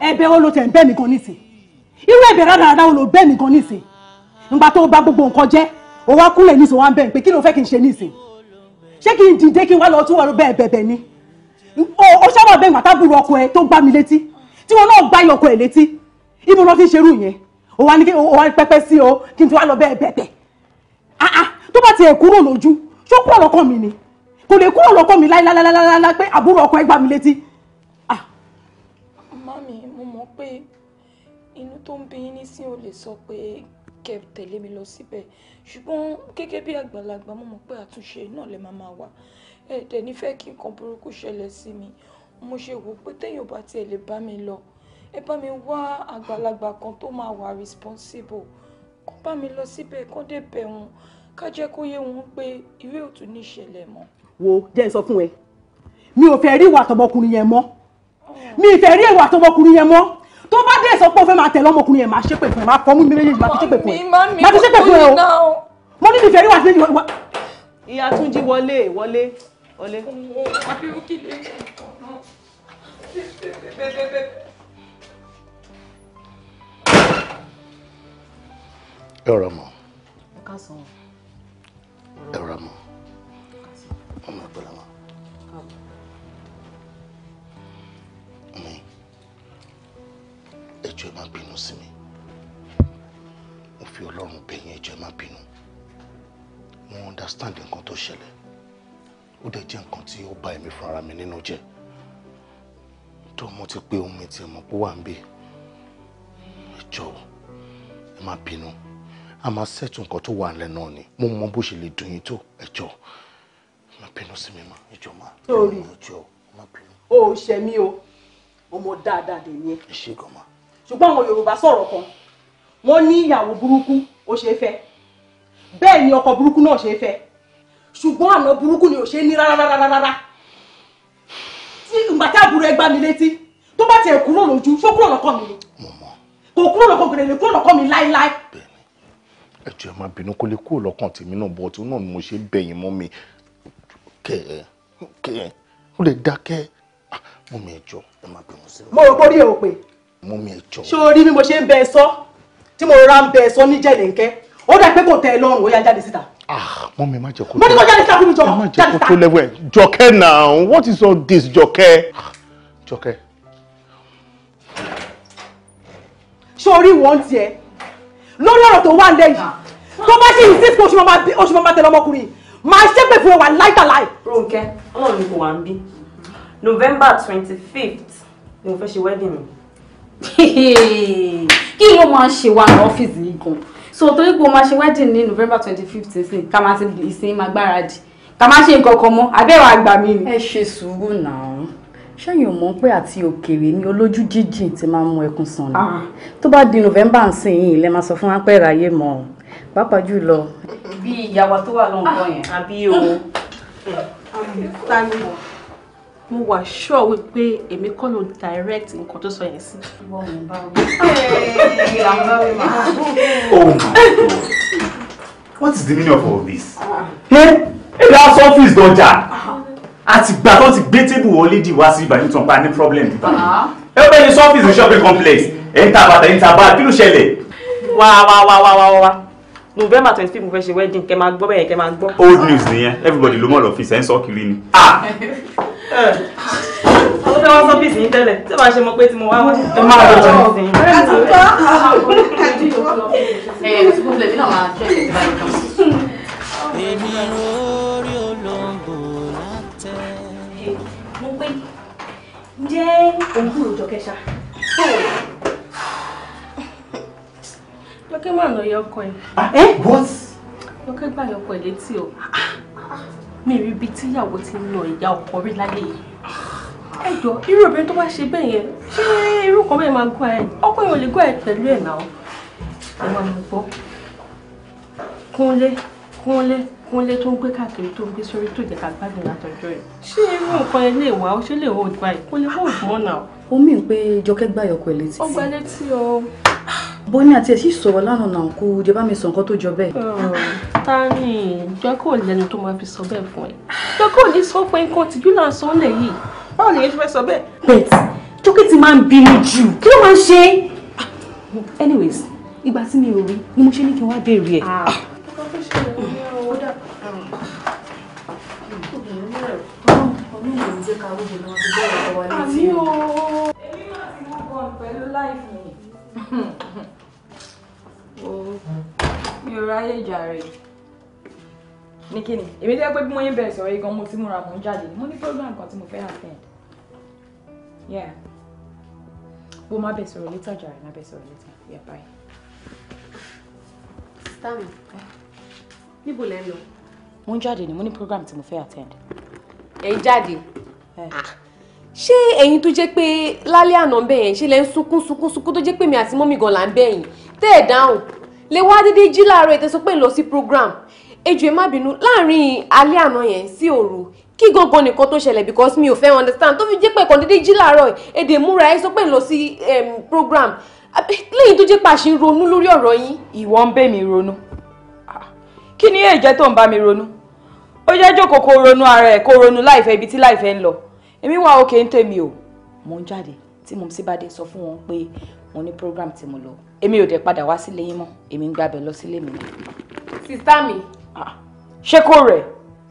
S1: ẹ̀bẹ̀ wo ló tẹ̀ ń bẹ̀ mí gan nísìn irú ẹ̀bẹ̀ rádaràdà wo ló bẹ̀ mí gan nísìn nígbà tó bá gbogbo nǹkan jẹ́ o wá kúnlẹ̀ nísìn wá ń bẹ̀ pé kí ló fẹ́ kí n ṣe nísìn ṣé kí n dìde kí n wá lọ tún wà ló bẹ́ẹ̀ bẹ̀bẹ̀ ni o ṣáwọ̀ bẹ́ẹ̀ gbàtà burú ọkọ ẹ tó gbá mi létí tí wọn náà gbá yọkọ ẹ létí ibo lọ fi ṣerú yẹn o wá ní kí o wá pẹ́pẹ́ sí o kí n ti wá lọ bẹ́ẹ̀ bẹ̀bẹ̀ ah ah tó bá tiẹ̀ kúrò lójú ṣó kúrò lọ́kàn mi ni kò lè kúrò lọ́kàn mi láíláíláíláí pé àbúrò ọkọ ẹ gbá mi létí mi mo mọ̀ pé inú tó ń bí yín nísìn ò lè sọ pé kẹ́ tẹ̀lé mi lọ síbẹ̀ ṣùgbọ́n gẹ́gẹ́ bí àgbàlagbà mo mọ̀ pé àtúnṣe náà lè máa máa wà ẹ dẹ̀ ní fẹ́ kí nǹkan burúkú ṣẹlẹ̀ sí mi mo ṣe wò pé téèyàn bá tiẹ̀ lè bá mi lọ ẹ bá mi wá àgbàlagbà kan tó máa wà responsible kó bá mi lọ síbẹ̀ kó dé bẹ̀ wọn ká jẹ́ kó yé wọn pé ìwé òtún ní ìṣẹ̀lẹ̀ mọ́. wo jẹ́ n sọ fún ẹ mi ò fẹ́ rí ìwà àtọmọkùnrin yẹn mọ́ mi ìfẹ́ rí ìwà tó ọmọkùnrin yẹn mọ́ tó bá dé sọ pé o fẹ́ máa tẹ̀lé ọmọkùnrin yẹn máa ṣépè fún ẹ máa fọ́ mú mi méjèèjì máa fi ṣépè fún ẹ máa fi ṣépè fún ẹ o mo ní mi ìfẹ́ rí ìwà tó ìwà. ìyá túnjí wọlé wọlé
S3: wọlé.
S4: ẹ̀rọ mọ̀
S1: ẹ̀rọ mọ̀ ọmọ ìgbọ́lá mọ̀.
S4: mi ẹ jọ̀ọ́ ẹ má bínú sí mi mo fi ọlọ́run bẹ̀ yín ẹ jọ̀ọ́ bínú mo understand nǹkan tó ṣẹlẹ̀ ó dẹ̀ jẹ́ nǹkan tí ó bà èmi fúnra mi nínú jẹ́ tó mo ti pé ohun mi ti mọ̀ pé wà ń bè ẹ jọ̀ọ́ ẹ má bínú a máa ṣètò nǹkan tó wà nílẹ̀ náà ni mo mọ bó ṣe lè dùn yín tó ẹ jọ̀ọ́ ẹ má bínú sí mi mà ẹ jọ̀ọ́ má
S1: ẹ jọ̀ọ́ má bínú. o ò ṣẹ̀mí o ọmọ dáadáa dè ní
S2: ẹ. ẹ ṣe gan ma.
S1: ṣùgbọ́n àwọn yorùbá sọ̀rọ̀ kan wọ́n ní ìyàwó burúkú ó ṣeé fẹ́ bẹ́ẹ̀ ni ọkọ burúkú náà ṣeé fẹ́ ṣùgbọ́n àná burúkú ni ò ṣeé ní rárárárárá tí ìgbàtí àbúrò ẹ gbá mi létí tó bá tiẹ̀ kúrò lójú ṣó kúrò lọ́kọ̀ mi ni kò kúrò lọ́kọ̀ gèrèlè kúrò lọ́kọ̀ mi láéláé
S2: ẹjọ ẹ má bínú kó lè kúrò lọ́kàn tèmi náà bọ tí ó náà ni mo ṣe bẹyìn mọ mi kẹ
S4: kẹ ó lè dákẹ́
S2: mú mi ẹjọ ẹ má bínú
S1: sí mi. mo rò pórí èrò pé. mú mi ẹjọ. ṣé o rí bí mo ṣe ń bẹ ẹ sọ tí mo rọra ń bẹ ẹ sọ ní jẹlẹńkẹ ó dà pé kò tẹ ẹ lọ́rùn ó yá jáde síta.
S4: ah mọ mi má jẹ kó tó. mo ní kó jáde síta fún mi jọ. ẹ má jẹ kó tó lẹ́wọ̀ ẹ̀ jọkẹ́ now what is all this jọkẹ́. Ah, jọkẹ́.
S1: ṣé o rí wọ́n tiẹ̀ lórí ọ̀rọ̀ tó wà lẹ́yìn tó bá ṣe insist pé oṣù mọ́mọ́ tẹ̀lé ọmọkùnrin máa ṣépè fún ẹ wà láìtàláì. Rónkẹ́ ọlọ́run ni kò wá ń bí November twenty fifth ni mo fẹ́ ṣe wedding mi. *laughs* kí ló máa ń ṣe wa ní ọ́fíìsì yìí gan so torí pé o máa ṣe wedding ní November twenty fifth ṣe ká máa ṣe ìsìn máa gbáradì ká máa ṣe nǹkan kan mọ́ abẹ́rẹ́ àgbà mi ni. ẹ ṣe sùúrù náà ṣẹ́yìn ò mọ̀ pé àti òkèèrè ní olójú jíjìn ti máa ń mú ẹkún sàn ni ah. tó bá di November ń sìn yìí lẹ máa sọ fún wa pé ráyè mọ́ ọ pàápàá jùlọ. bí ìyàwó tó wà lóǹkọ ah, yẹn àbí o. *laughs* mo wà sure wípé èmi kọ́ ló direct nǹkan tó sọ yẹn sí. Oh
S4: what is the meaning of all this. Ah. Eh? ẹ̀rọ aṣọ ọ́fíìsì dọjà
S2: àti ah. gbà tó ti gbé tébù wọlé dì wá sí ìbàdàn tó ń pa ní problem dìbà ah. ẹ bẹ́ẹ̀ ni sọ́fíìsì ní shopping complex ẹ̀ ń ta bàtà ẹ̀ ń ta bá kí ló ṣẹlẹ̀. wá wá wá wá wá
S1: wá november twenty fifth mo fẹ́ ṣe wedding kẹ́ máa gbọ́ bẹ́ẹ̀ kẹ́ máa gbọ́.
S2: old news nìyẹn everybody ló mọ̀ lọ́fíìsì
S4: ẹ̀ ń sọ kiri ni. *laughs*
S1: àwọn fẹ́ wá sọ́fíìsì yín tẹ́lẹ̀ tí màá ṣe mọ pé tí mo wá wọ́n ti tẹ́ máa lọ́jọ́ nísìnyí.
S3: èmi lórí olóńgbò látẹ.
S1: mo lọ yọ ọkọ ẹ̀. ẹ ah, eh, what. lọ́kẹ́ gbà yọ ọkọ ẹ̀ létí o. Ah, ah, mi rí ibi tíyàwó ti ń lọ ìyá ọkọ rí láyé yìí ẹ jọ irú obìnrin tó bá ṣe bẹ́ẹ̀ yẹn ṣé irú kan bẹ́ẹ̀ máa gún ẹ ọkọ yẹn ò lè gún ẹ pẹ̀lú ẹ̀ náà ẹ máa mú gbọ́ kúnlé kúnlé kúnlé tó ń gbé káàkiri tó ń gbé sórí tó jẹ́ ká gbádùn látọjọ́ ẹ̀ ṣé irú nǹkan ẹ lè wá o ṣe lè hold by kúnlé hold mọ́ náà. omi ń pe jọkẹ́ gbá létí o bóyá àti ẹ̀ sì sọ̀rọ̀ lánàá náà kó o jẹ bá mi sọ nǹkan tó jọ bẹ́ẹ̀. ta ni jẹ́ kó lẹ́nu tó máa fi sọ bẹ́ẹ̀ fún ẹ jẹ́ kó ní sọ pé nǹkan tìjú náà sunday yìí báwo ni èyí fẹ́ sọ bẹ́ẹ̀. bet jókè ti máa ń bínú jù kí ló máa ń ṣe. anyways ìgbà tí mi ò rí ni mo ṣe ní kí n wá béèrè ẹ. Ah. Ah.
S3: àmì o èmi náà ti mú bọ́ọ̀lù pẹ̀lú láìpẹ́
S1: mi ò ráyè jàre ní kíni èmi tẹ́ pé bí mo yín bẹ̀rẹ̀ sọ̀rọ̀ yìí gan mo ti múra mò ń jáde mo ní program kan tí mo fẹ́ attend yeah bó má bẹ̀ sọ̀rọ̀ later jàre má bẹ̀ sọ̀rọ̀ later yeah bye. Tami níbo lẹ ń lọ. mo ń jáde ni mo ní program tí mo fẹ́ attend. ẹ ń jáde eh. ah. ṣé ẹ̀yin tó jẹ́ pé lálẹ́ àná ń bẹ̀ yẹn ṣe lẹ́ ń sunkún sunkún sunkún tó jẹ́ pé mi àti mọ́mì gan là ń bẹ̀ yín tẹ́ ẹ̀ dáhùn lè wá dídí jí láàárọ̀ ètò sọ pé lọ sí program ejò ẹ má bínú láàrin alẹ́ àná yẹn sí òru kí gangan nìkan tó ṣẹlẹ̀ because mi ò fẹ́ understand tó fi jẹ́ pé kàn dídí jí láàárọ̀ èdè múra ẹ sọ pé lọ sí program lẹ́yìn tó jẹ́ pé àṣì ń ronú lórí ọ̀rọ̀ yín. ìwọ ń bẹ̀ mí ronú kí ni èjẹ́ tó ń bá mi ronú ó yẹ jókòó kó ronú ara ẹ̀ kó ronú láìfẹ́ ibi tí láìfẹ́ ń lọ èmi wà òkè ń tèmi o mò ń jáde tí mo sì bá dé sọ fún wọn pé mo ní program tí mo lọ èmi ò dẹ̀ padà wá sílé yín mọ́ èmi ń gbàbẹ̀ lọ sílé mi. sista mi. Ah, ṣé kò rẹ̀.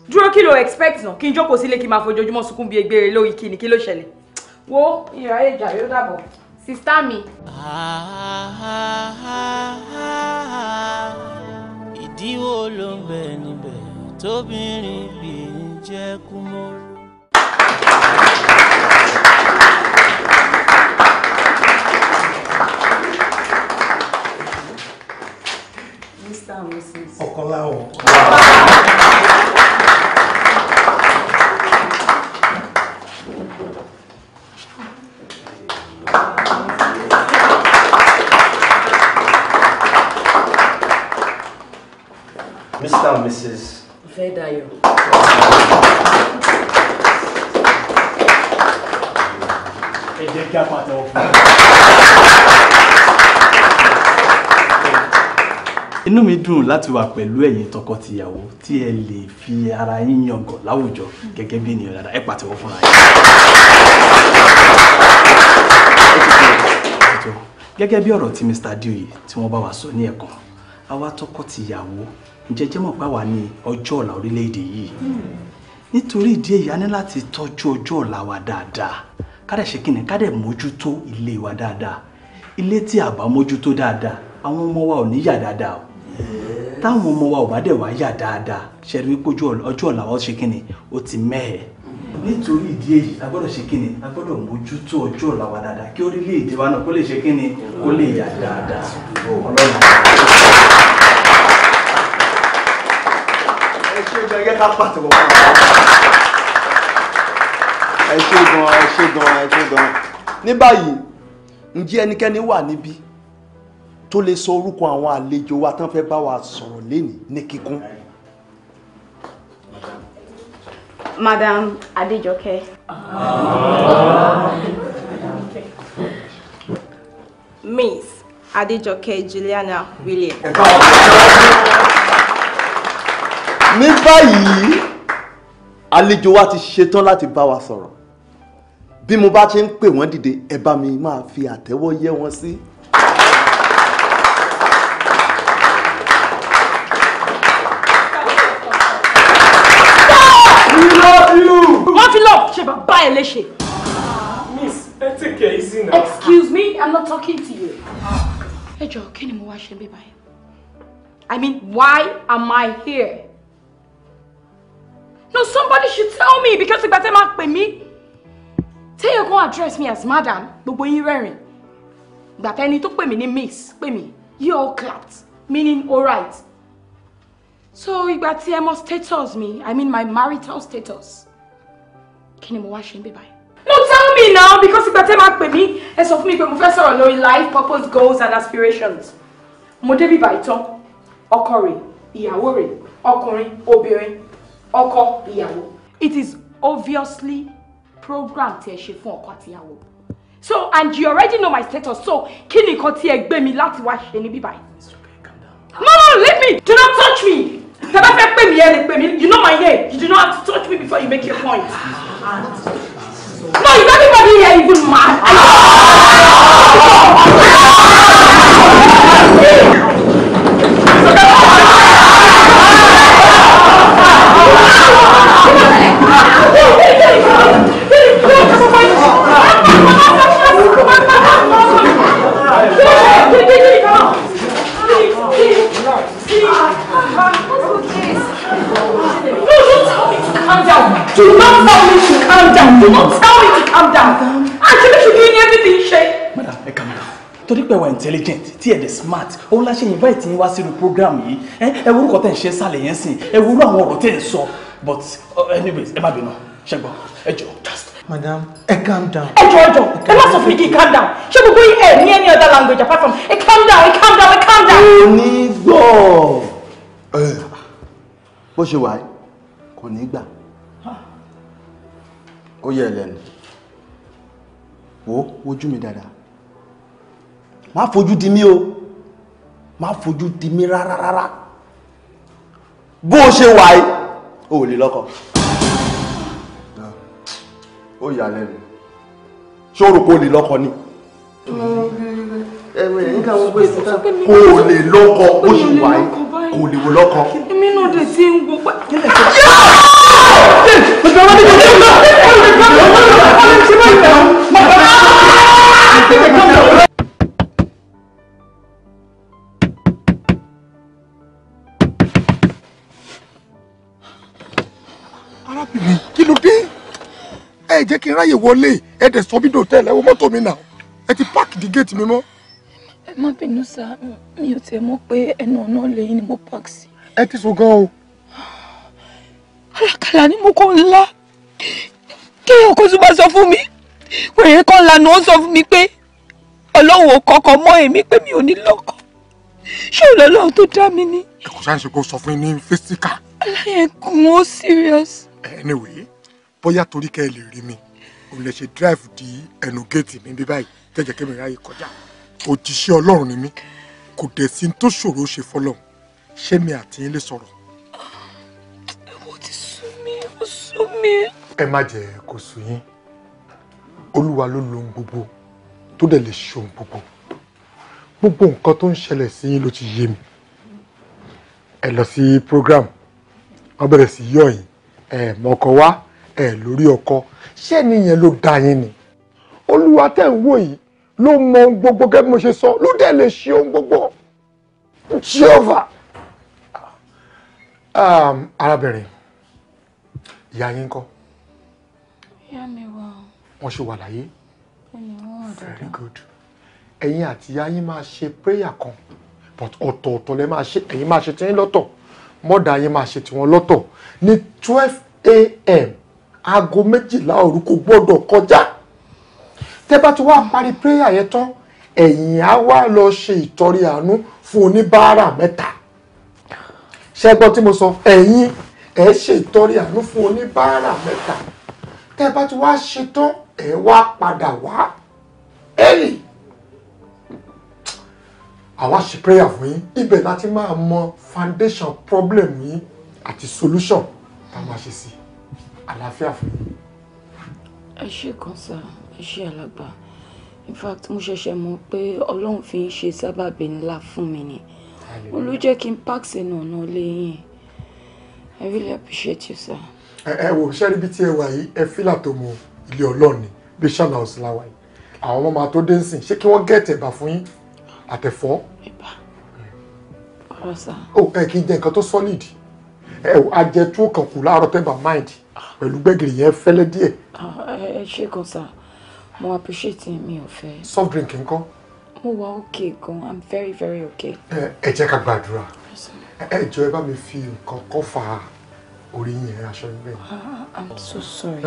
S1: dúró kí lo expect náà kí n jókòó sílé kí n máa fojoojúmọ́ sunkún bí egbére lórí kí ni kí ló ṣẹlẹ̀. wo ìyá ìjà yóò dàbọ̀. sista mi.
S2: ìdíwọ́ ló ń bẹ níbẹ̀ tóbìnrin bíi jẹ́ kú ọ̀kan láwọn. Mr. and Mrs. Ifedayo. Ẹ jẹ́ kí get pàtẹ́wọ́ fún inú mi dùn láti wà pẹ̀lú ẹ̀yin tọkọtìyàwó tí ẹ lè fi ara yín yangàn láwùjọ gẹ́gẹ́ bí ènìyàn dáadáa ẹ pàtẹ́wọ́ fúnra yín. gẹ́gẹ́ bí ọ̀rọ̀ tí Mr. Dewey tí wọ́n bá wa sọ ní ẹ̀kan àwa tọkọtìyàwó ǹjẹ́ jẹ́ mọ̀ pé wà ní ọjọ́ ọ̀la orílẹ̀-èdè yìí nítorí ìdí èyí a ní láti tọ́jú ọjọ́ ọ̀la wa dáadáa ká dẹ̀ ṣe kí ni ká dẹ̀ mójútó ilé wa dáadáa ilé tí a mójútó dáadáa àwọn ọmọ wa ò ní yà dáadáa o táwọn ọmọ wa ò bá dẹ̀ wá yà dáadáa ṣe rí wípé ọjọ́ ọ̀la wa ṣe kíni ó ti mẹ́ẹ̀. nítorí ìdí èyí a gbọ́dọ̀ ṣe kíni a gbọ́dọ̀ mójútó ọ̀la wa dáadáa kí orílẹ̀-èdè wa náà kó lè ṣe kíni kó lè yà dáadáa. ẹ ṣe gan ẹ ṣe gan ẹ ṣe gan ní báyìí ǹjẹ́ ẹnikẹ́ni wà níbí tó lè sọ orúkọ àwọn àlejò wa tán fẹ́ bá wa sọ̀rọ̀ lénìí ní kíkún.
S1: madam Adéjọkẹ́. miss Adéjọkẹ́ Juliana Williams.
S2: ní báyìí àlejò wa ti ṣetán láti bá wa sọ̀rọ̀ bí mo bá ṣe ń pè wọ́n dìde ẹ bá mi máa fi àtẹ́wọ́ yẹ́ wọn sí. Si
S1: What love? Ṣé bàbá ẹ léṣe?
S2: Miss, ẹ take care easy now.
S1: Excuse me, I'm not talking to you. Ẹ jọ̀ọ́, kí ni mo wá ṣe bí báyìí? I mean, why am I here? No, somebody should tell me because ìgbà tẹ́ máa pè mí. Téèyàn kan address me as madam, gbogbo yín rẹ́rìn. Ìgbà tẹ́ni tó pè mí ní miss pè mí, you all meaning all right so ìgbà tí ẹ mọ status me? i mean my marital status Can you wash him, baby? no tell me now because ìgbà tẹ́ máa pè mí ẹ sọ fún mi pé mo life purpose goals and aspirations mo débi báyìí tán ọkọ rẹ̀ ìyàwó rẹ̀ ọkùnrin obìnrin ọkọ ìyàwó. it is obviously programmed to ẹ ṣe fún ọkọ àti so and you already know my status so kí ni nǹkan tí ẹ gbé mi láti wá Mr. ní bíbá yìí. no no leave me do not touch me yẹn ni pé you know my name you do not have to touch me before you make your point. no you don't even be here even mad.
S2: Do not tell me to calm down. Do not tell
S1: me to calm down. Actually, she doing everything
S2: ṣe. Madam, ẹ calm down. Torí pé ẹ intelligent, tí ẹ dẹ̀ smart, òun la ṣe invite yín wá sínú program yìí. eh, wo orúkọ tẹ̀ ń ṣe sálẹ̀ yẹn sìn, ẹ wo orú àwọn ọ̀rọ̀ But uh, anyways, ẹ má bínú, ṣẹ́gbọ́n, ẹ jọ. Just Madam, ẹ calm down. Ẹ jọ ẹ jọ, ẹ má sọ fún calm
S1: down. Ṣé go yín ẹ ní any other language apart from ẹ calm down, ẹ calm down, ẹ calm down.
S2: Kò ní gbọ́. Bó ṣe wà kò ní gbà ó yẹ ẹlẹ́nu wò wojú mi dáadáa má fojú di mí o má fojú di mí rárá rárá bó o ṣe wà yìí o ò lè lọ́kọ. ó yà lẹ́nu ṣé o rò kó o lè lọ́kọ ni. kó o lè lọ́kọ ó ṣì wà yìí kó o lè wò lọ́kọ. èmi náà dé tí ń
S3: arábìnrin
S1: kí ló dé ẹ jẹ́ kí n ráyè wọlé ẹ dẹ̀ sọ bídò tẹ́lẹ̀ ẹ wo mọ́tò mi nà ẹ ti páàkì di géètì mi mọ́. ẹ má bínú sá mi ò tiẹ̀ mọ̀ pé ẹnu ọ̀nà lẹ́yìn ni mo park sí. ẹ ti sọ gan o. àlàkàlà ni mo kọ́ ńlá kí ọkọ tó bá sọ fún mi wèrè kan lànà ó sọ fún mi pé ọlọ́run ò kọkọ mọ́ èmi pé mi ò ní lọ́kọ ṣé ò lọ́lọ́run tó dá mi ní.
S4: ẹ kò ṣáàṣì kó sọ fún yín ní fésìkà.
S1: aláyẹ̀kùn ó serious.
S4: anyway bóyá torí kẹ́ ẹ lè rí mi òun lè ṣe drive di ẹnu géètì mi bí báyìí tẹ́jẹ̀ kí mi ráyè kọjá òjíṣẹ́ ọlọ́run ni mí kò dẹ̀ sí tó ṣòro ṣe fọlọ́run ṣé mi àti yín lè sọ̀rọ̀.
S3: ẹ wò ti sú mi ó sú mi
S4: ẹ má jẹ́ kó sú yín olúwa ló lo ohun gbogbo tó dẹ̀ lè ṣe ohun gbogbo gbogbo nǹkan tó ń ṣẹlẹ̀ sí yín ló ti yé mi ẹ lọ sí program wọ́n bẹ̀rẹ̀ sí yọ̀ yín ẹ mọ́kọ wá ẹ lórí ọkọ ṣé nìyẹn ló dá yín ni olúwa tẹ̀ ń wò yìí ló mọ ohun gbogbo gẹ́gẹ́ mo ṣe sọ ló dẹ̀ lè ṣe ohun gbogbo jehovah ah, arábìnrin ìyá yín kọ́
S3: ìyá mi wà o. wọ́n ṣe wà láyé. very
S4: good. ẹ̀yin àti ìyá yín máa ṣe prayer kan but ọ̀tọ̀ọ̀tọ̀ lẹ máa ṣe
S1: ẹ̀yin máa ṣe tiyín lọ́tọ̀ mọ́dà yín máa ṣe tiwọn lọ́tọ̀ ní twelve a.m. aago méjìlá òru kò gbọ́dọ̀ kọjá tẹ́ bá ti wá parí prayer yẹn tán ẹ̀yin á wá lọ ṣe ìtọrẹ àánú fún oníbàárà mẹ́ta ṣẹ́gbọ́n tí mo sọ ẹ̀yin ẹ̀ ṣe ìtọrẹ àánú fún oníbàárà mẹ́ta tẹ́ ẹ bá ti wá ṣetán
S4: ẹ wá padà wá early àwa ṣe prayer fún yín ibẹ̀ láti máa mọ foundation problem yín àti solution tá a máa ṣe sí àlàáfíà fún yín.
S1: ẹ ṣe kan sá ẹ ṣe alàgbà in fact mo ṣẹ̀ṣẹ̀ mọ̀ pé ọlọ́run fi ń ṣe sábàbí ńlá fún mi ni olú jẹ́ kí n pàṣẹ nà ọ̀nà lẹ́yìn i really appreciate you sir
S4: ẹ wò sẹ́rí bíi tí ẹ wà yìí ẹ fílà tó mọ ilé ọlọ́ọ̀ni bishop house láwa yìí àwọn ọmọ máa tó dé ń sìn ṣé kí wọ́n gẹ̀ẹ́tẹ̀ bá fún yín àtẹ̀fọ́. ó
S1: oh, ẹ kì í jẹ nǹkan tó solid ẹ wò ajẹtú kan kù láàárọ̀ tẹ́bà mind pẹ̀lú
S4: gbẹ̀gìrì yẹn fẹ́lẹ́ díẹ̀.
S1: Ah, ẹ ṣe kan sá mo appreciate mi ò fẹ́. soft drink ńkọ́ mo wà ok gan i'm very very okay.
S4: ẹ jẹ́ ká gbàdúrà ẹ jọ̀ọ́ ẹ bá mi fi nǹkan kan fà á orí yẹn aṣọ ẹgbẹ́
S1: yẹn. I'm
S3: so sorry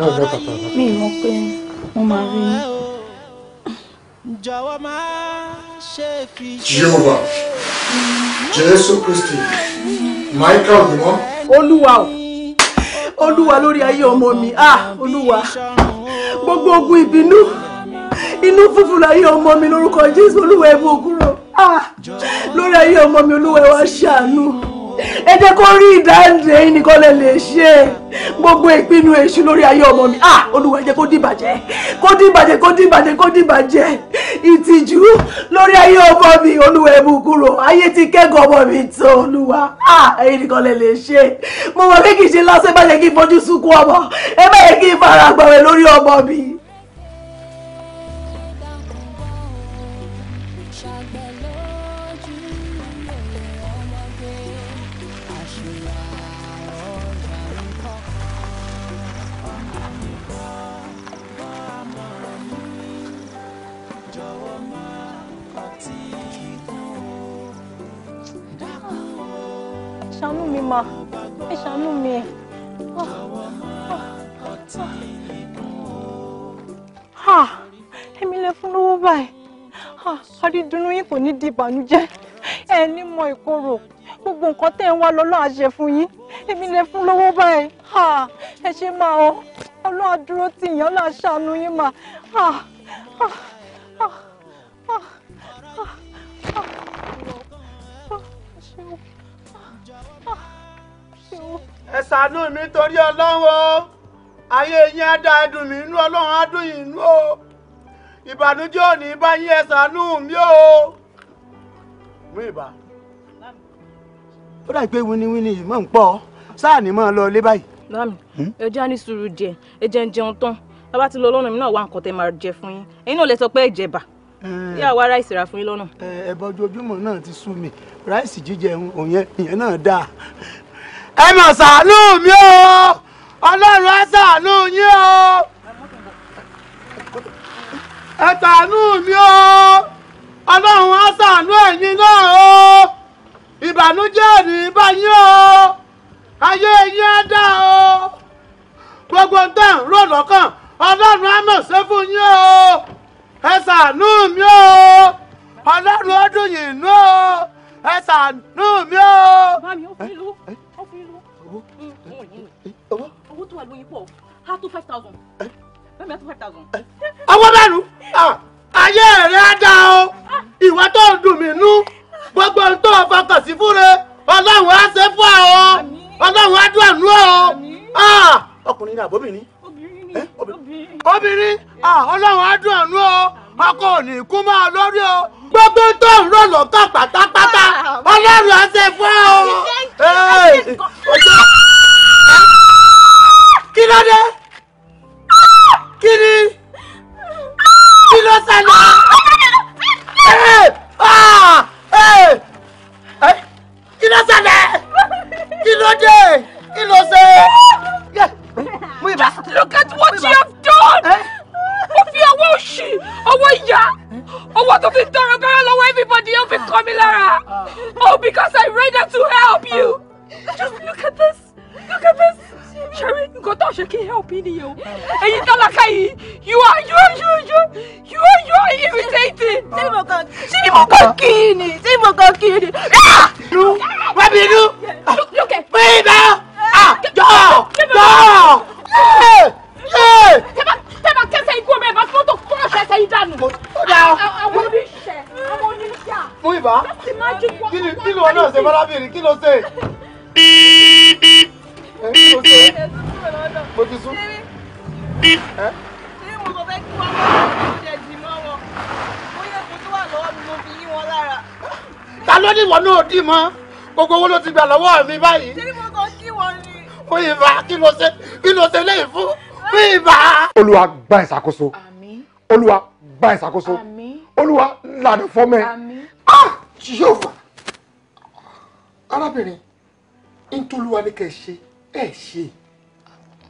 S3: mi mọ̀ pé mo máa rí i.
S1: jọ̀wọ́ máa
S3: ṣe fi ṣe. Jehovah Jésù Kristi Michael mímọ́.
S1: olúwa o olúwa lórí ayé ọmọ mi ah olúwa gbogbo ogun ìbínú inú fúnfun láyé ọmọ mi lórúkọ Jésù olúwa ẹ mú òkúrò ah lórí ayé ọmọ mi olúwa ẹ wá ṣàánú ẹ jẹ́ kó rí ìdáǹdè yín nìkan lè lè ṣe gbogbo ìpinnu èṣù lórí ayé ọmọ mi ah olúwa ẹ jẹ́ kó dìbàjẹ́ kó dìbàjẹ́ kó dìbàjẹ́ kó dìbàjẹ́
S2: ìtìjú lórí ayé ọmọ mi olúwa ẹ mú kúrò ayé ti kẹ́gàn ọmọ mi tó olúwa ah ẹ̀yin nìkan lè lè ṣe mo mọ̀ pé kì í ṣe lásán ẹ má yẹ kí n fojú sunkún ọmọ ẹ má yẹ kí n fara gbọ̀wẹ̀ lórí ọmọ mi.
S1: ìbànújẹ́ ẹ ní mọ ìkorò gbogbo nǹkan tẹ́ ń wá lọ́lọ́ àṣẹ fún yín èmi lè fún lówó báyìí ẹ ṣe máa ọ ọlọ́run àdúró tì yàn láṣàánú yín mà. ẹ ṣàánú mi torí
S4: ọlọ́run
S2: ayé yín á dá ẹdùn mi inú ọlọ́run á dùn yín inú o ìbànújẹ́ ò bá yín ẹ ṣàánú mi o wíìbá ó dà pé wíníwíní yìí mọ̀ ń pọ̀ sáà ní mọ̀ lọ lé báyìí. báàmì hmm?
S1: ẹ jẹ́ àní sùúrù díẹ̀ ẹ ń jẹun tán bàbá ti lọ lọ́nà mi náà wá nǹkan tẹ́ máa jẹ fún yín ẹ̀yin náà lè sọ pé ẹ jẹ̀bà bí eh. àwa ráìsì rà fún yín lọ́nà. Eh, ẹ bọ ojoojúmọ́ náà ti sú mi ráìsì jíjẹ òun yẹn
S4: náà dáa. ẹ mà ṣàánú mi o
S1: ọlọ́run ẹ ṣàánú yín o ẹ ṣàánú mi o ọlọ́run á ṣàánú ẹ̀yin náà o ìbànújẹ́
S2: ò ní bá yín o ayé yín á dá o gbogbo ń tẹ̀ ń rò lọ́kàn ọlọ́run á mọ̀ ṣe fún yín o ẹ ṣàánú
S4: mi o ọlọ́run ó dùn nú o ẹ ṣàánú mi o.
S1: owó tó wà lóyún pọ̀ á tó five thousand eh? bẹ́ẹ̀ mi tó five thousand. àwọn eh? ayé
S2: rẹ̀ á dá o ìwà tó ń dùn mí nú gbogbo ohun tó fọkàn sí fúnre ọlọ́run á ṣe fún ọ ọlọ́run á dùn àánú ọ ah! ọkùnrin ni àbóbìnrin obìnrin ah! ọlọ́run á dùn àánú ọ ọkọ ò ní kú mọ́ ọ lórí o gbogbo tó ń rò lọ́kàn pátápátá ah! ọlọ́run á ṣe fún ọ.
S4: obìnrin kí ló
S1: ṣe. kí ló ṣe mo ti sún. ṣé mo sọ fẹ́ kí wọ́n mọ̀ ọ́ ṣe jì mọ́ wọn ó yẹ kó tó wà lọ́wọ́ mi mo fi yí wọn lára. ta ló ní ìwọ náà dì mọ́ gbogbo owó ló ti gbà lọ́wọ́ mi báyìí. ṣé mo sọ kí wọ́n ni. mo ìbá kí ló ṣe kí ló ṣe lẹ́yìn fún
S2: mi ìbá.
S4: olúwa gba ìṣàkóso
S1: olúwa gba ìṣàkóso olúwa lànà fọmẹ. kẹ́ ẹ ṣe ẹ ṣe.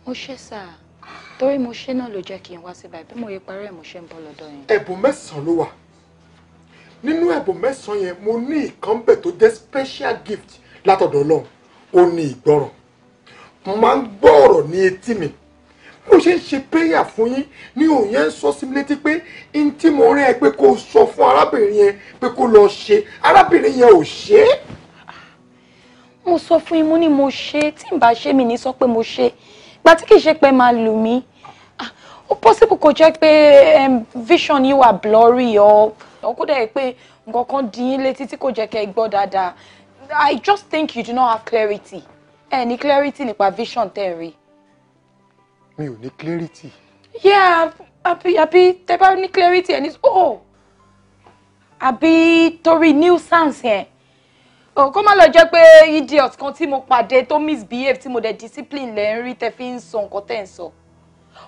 S1: mo ṣe sá torí mo ṣe náà ló jẹ́ kí n wá sí báyìí bí mo yẹ parẹ́ mo ṣe ń bọ́ lọ́dọ̀ yẹn. ẹ̀bùn mẹ́sàn-án ló wà nínú ẹ̀bùn mẹ́sàn-án yẹn mo ní ìkan bẹ̀ tó jẹ́ special gift látọ̀dọ̀ ọlọ́run ó ní ìgbọràn mo máa ń gbọ́ ọ̀rọ̀ ní etí mi mo ṣe ń ṣe prayer fún yín ní òun yẹn ń sọ sí mi létí pé n tí mo rẹ́ ẹ pé kó
S4: sọ fún arábìnrin yẹn pé kó lọ ṣe arábìnrin yẹn ò ṣe é
S1: mo sọ fún yín mo ní mo ṣe tí n bá ṣe mi ní sọ pé mo ṣe ìgbà tí kì í ṣe pé máa lù mí ah, ó possible kò jẹ́ pé vision yìí wà blurry or ọkúdà yìí pé nǹkan kan dín létí tí kò jẹ́ kẹ́ ẹ gbọ́ dáadáa I just think you do not have clarity ẹ ní clarity nípa vision tẹ́ ẹ rí.
S4: mi ò ní clarity.
S1: yeah àbí àbí tẹ bá ní clarity ẹ ní oh àbí torí nuisance yẹn. Yeah Oh, kó má lọ jẹ́ pé idiot kan tí mo pàdé tó misbehave tí mo dẹ̀ discipline lẹ̀ ń rí tẹ́ fi ń sọ nǹkan tẹ́ ń sọ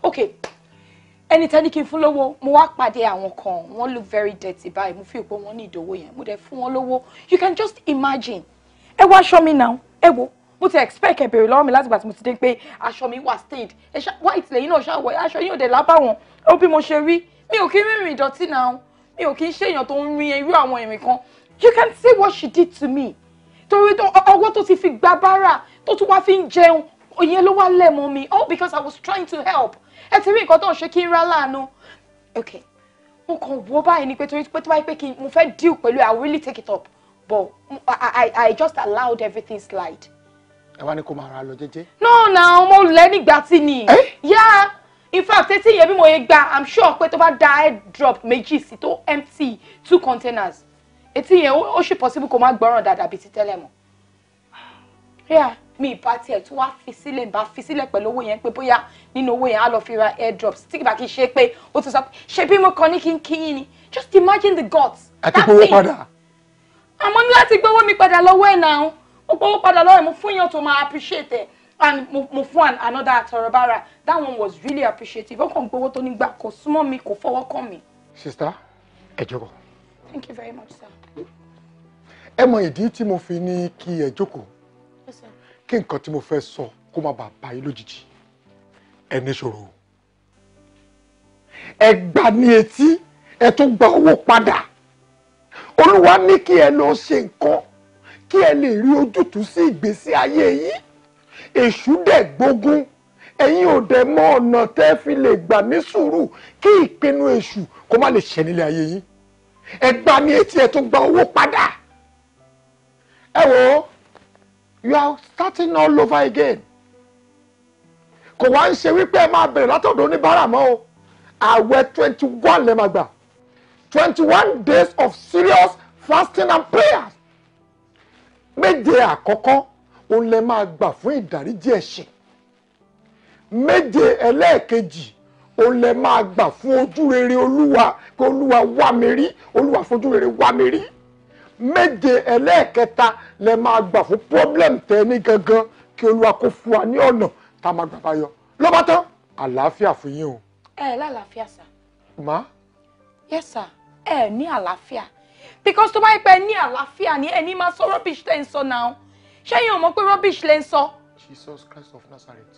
S1: ok ẹni tẹ́ni kí n fún lówó mo wá pàdé àwọn kan wọ́n look very dirty báyìí mo fi ìpò wọn ní ìdòwò yẹn mo dẹ̀ fún wọn lówó you can just imagine ẹ wá aṣọ mi náà ẹ wo mo ti expect ẹ bèrè lọ́wọ́ mi láti gbà tí mo ti dé pé aṣọ mi wà stained ẹ ṣá wá ìtìlẹ́yìn náà ṣáà wọ aṣọ yìí ò dẹ̀ lábàwọ́n ó bí mo ṣe rí mi ò kí ń rìnrìn ìdọ̀tí náà mi ò kí ń ṣèyàn tó ń rin irú àwọn ìrìn kan you can see what she did to me torí ọwọ́ tó ti fi gba bára tó tún wá fi ń jẹun òyìn ló wá lẹ̀ mọ́ mi all because I was trying to help ẹ ti rí nǹkan tó ń ṣe kí n rá láàánú okay mo kàn wọ báyìí ni pé torí pé tó bá pé kí mo fẹ́ deal pẹ̀lú I really take it up but I, I, I just allowed everything slide.
S2: ẹ wá ní kó máa ra lọ jẹ́jẹ́.
S1: no na ọmọ olùlẹ́ nígbà tí ni. Eh? yá in fact etí yẹn bí mo yẹ gba I'm sure pé tó bá da airdrop méjì sí tó empty two containers etí yẹn ó ṣe possible kó má gbọ́ràn dáadáa bíi ti tẹ́lẹ̀ mọ́ ríà mi ìbá tiẹ̀ tó wá fi sílẹ̀ bá fi sílẹ̀ pẹ̀lú owó yẹn pé bóyá nínú owó yẹn á lọ fi ra airdrops tí kìbá kì í ṣe pé ó ti sọ pé ṣe bí mo kàn ní kí ni just imagine the gods.
S4: àti gbowó padà.
S1: àmọ́ ní láti gbowó mi padà lọ́wọ́ ẹ̀ náà ó gbowó padà lọ́wọ́ ẹ̀ mo fún yàn tó máa appreciate ẹ̀ and mo mo fún an another atorobara that one was really appreciative ó kàn gbowó tó nígbà kò súnmọ́ mi kò fọwọ́ kàn mi.
S4: sista ẹ
S1: thank you very much sir
S4: ẹ mọ ìdí tí mo fi ní kí ẹ jókòó kí nǹkan tí mo fẹ́ sọ kó má bàa bá yín lójijì ẹ ní ṣòro ẹ gbà ní etí ẹ tún gba owó padà olúwa ní kí ẹ lọ ṣe nǹkan kí ẹ lè rí ojútùú sí ìgbésí ayé yìí èṣù dẹ̀ gbógun ẹ̀yin ò dẹ̀ mọ ọ̀nà tẹ́ fi lè gbà ní sùúrù kí ìpinnu èṣù kó má lè ṣẹ nílé ayé yìí ẹ gbà ní etí ẹ tún gba owó padà ẹ wo
S1: you are starting all over again kò wá ń ṣe wípé ẹ
S4: máa bẹ̀rẹ̀ látọ̀dọ̀ oníbàárà mọ́ o àwẹ̀ twenty one lẹ́ máa gbà twenty one days of serious fasting and prayers méje àkọ́kọ́
S2: òun lẹ́ máa gbà fún ìdáríjì ẹ̀ṣẹ̀ méje ẹlẹ́ẹ̀kejì òun lẹ́ máa gbà fún ojú rere olúwa kí olúwa wá mi rí olúwa fojú rere wá mi rí méje ẹlẹ́ẹ̀kẹta lẹ máa gbà fún
S1: problem tẹ ní gangan kí olúwa kó fún wa ní ọ̀nà tá a máa gbà báyọ ló bá tán
S4: àlàáfíà fún yín o.
S1: ẹ ẹ lálàáfíà sà. má. yes sir ẹ ní àlàáfíà because tó bá yẹ pé ẹ ní àlàáfíà ni ẹ ní máa sọ rubbish lẹ́ ń sọ náà ṣẹ́yìn ò pé rubbish lẹ́ sọ.
S4: Jesus Christ of Nazareth.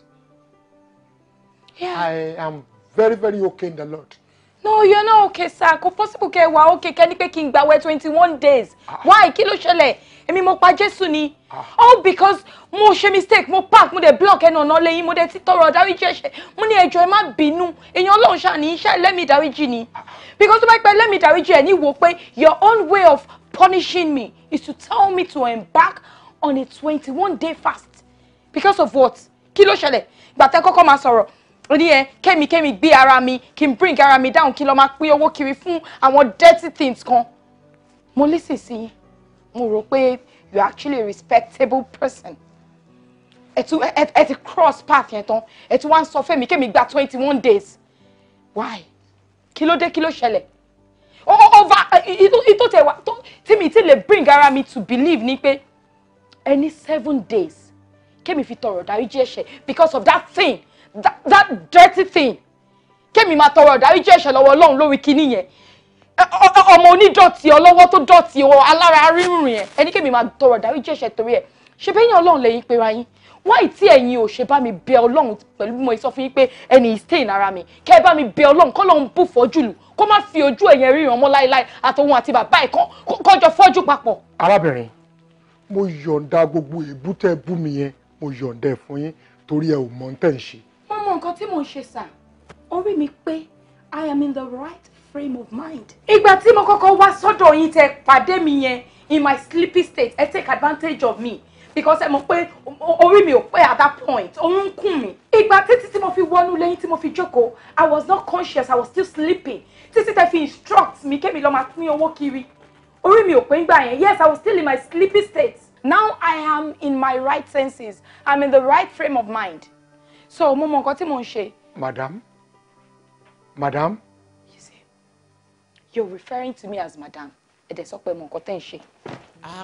S1: Yeah. I am very very okay in the Lord no you're not okay sir kò possible kẹ wà okay kẹ ní pé kí n 21 days ah. why Kilo ló ṣẹlẹ̀ èmi mo pa jésù ni ah. all because mo she mistake mo park mo dẹ̀ block ẹnu ọ̀nà lẹ́yìn mo dẹ̀ ti toro dáríjì ẹ̀ṣẹ̀ mo ní ẹjọ́ ẹ má bínú èèyàn ọlọ́run ṣàní iṣẹ́ lẹ́mìí dáríjì ni ah. because tó bá pẹ́ lẹ́mìí dáríjì ẹ̀ ní wò pé your own way of punishing me is to tell me to embark on a 21 day fast because of what Kilo ló ṣẹlẹ̀ gbàtẹ́ kọ́kọ́ máa sọ̀rọ̀ ó ní ẹ kẹ́mi kẹ́mi gbé ara mi kí n bring ara mi down kí n lọ máa pín owó kiri fún àwọn dirty things kan mo listen sí yín mo rò pé you are actually a respectable person ẹ tún ti cross path yẹn tán ẹ tún wá ń sọ fẹ́mi kẹ́mi gba twenty one days why kí ló dé kí ló ṣẹlẹ̀ over ito tẹ wa tí mi ti lè bring ara mi to believe ni pé ẹni seven days kẹ́mi fi tọrọ dáríjì ẹ̀ṣẹ̀ because of that thing that dirty thing kémi máa tọrọ ìdáríjì ẹ̀ṣẹ̀ lọ́wọ́ ọlọ́run lórí kinní yẹn ọmọ onídọ̀tí ọlọ́wọ́ tó dọ̀tí ọ alára rírùn yẹn ẹni kémi máa tọrọ ìdáríjì ẹ̀ṣẹ̀ torí ẹ̀ ṣe bẹ́yìn ọlọ́run lẹ́yìn pé ra yín wáì tí ẹ̀yin ò ṣe bá mi bẹ ọlọ́run pẹ̀lú bí mo sọ fún yín pé ẹni stain ara mi kẹ́ ẹ bá mi bẹ ọlọ́run kọ́ lóun bù fọ́jú lù kó má fi ojú ẹ̀yẹn ríran mọ́ láéláé àtòun àti bàbá ẹ̀ kan kọjọ fọ́jú papọ̀. arábìnrin mo yọ̀ǹda gbogbo èébú tẹ́ bú mi yẹn mo yọ̀ǹda ẹ̀ fún yín torí ẹ ò mọ̀ ń tẹ̀ ń ṣe nǹkan tí mò ń ṣe sà orí mi pé I am in the right frame of mind. ìgbà tí mo kọ́kọ́ wá sọ́dọ̀ yín tẹ pàdé mi yẹn in my sleepy state ẹ take advantage of me because ẹ mọ̀ pé orí mi ò pé at that point oorun ń kùn mí. ìgbà títí tí mo fi wọnú lẹ́yìn tí mo fi jókòó I was not conscious I was still sleeping títí tẹ fi instruct mi kémi lọ́ọ́ máa pín owó kiri orí mi ò pé ń yẹn yes I was still in my sleepy state now I am in my right senses I'm in the right frame of mind so mo mọ nǹkan tí mò ń ṣe.
S4: madam madam. you see
S1: you're referring to me as madam ẹ dẹ̀ sọ pé mo nǹkan tẹ́ ń ṣe.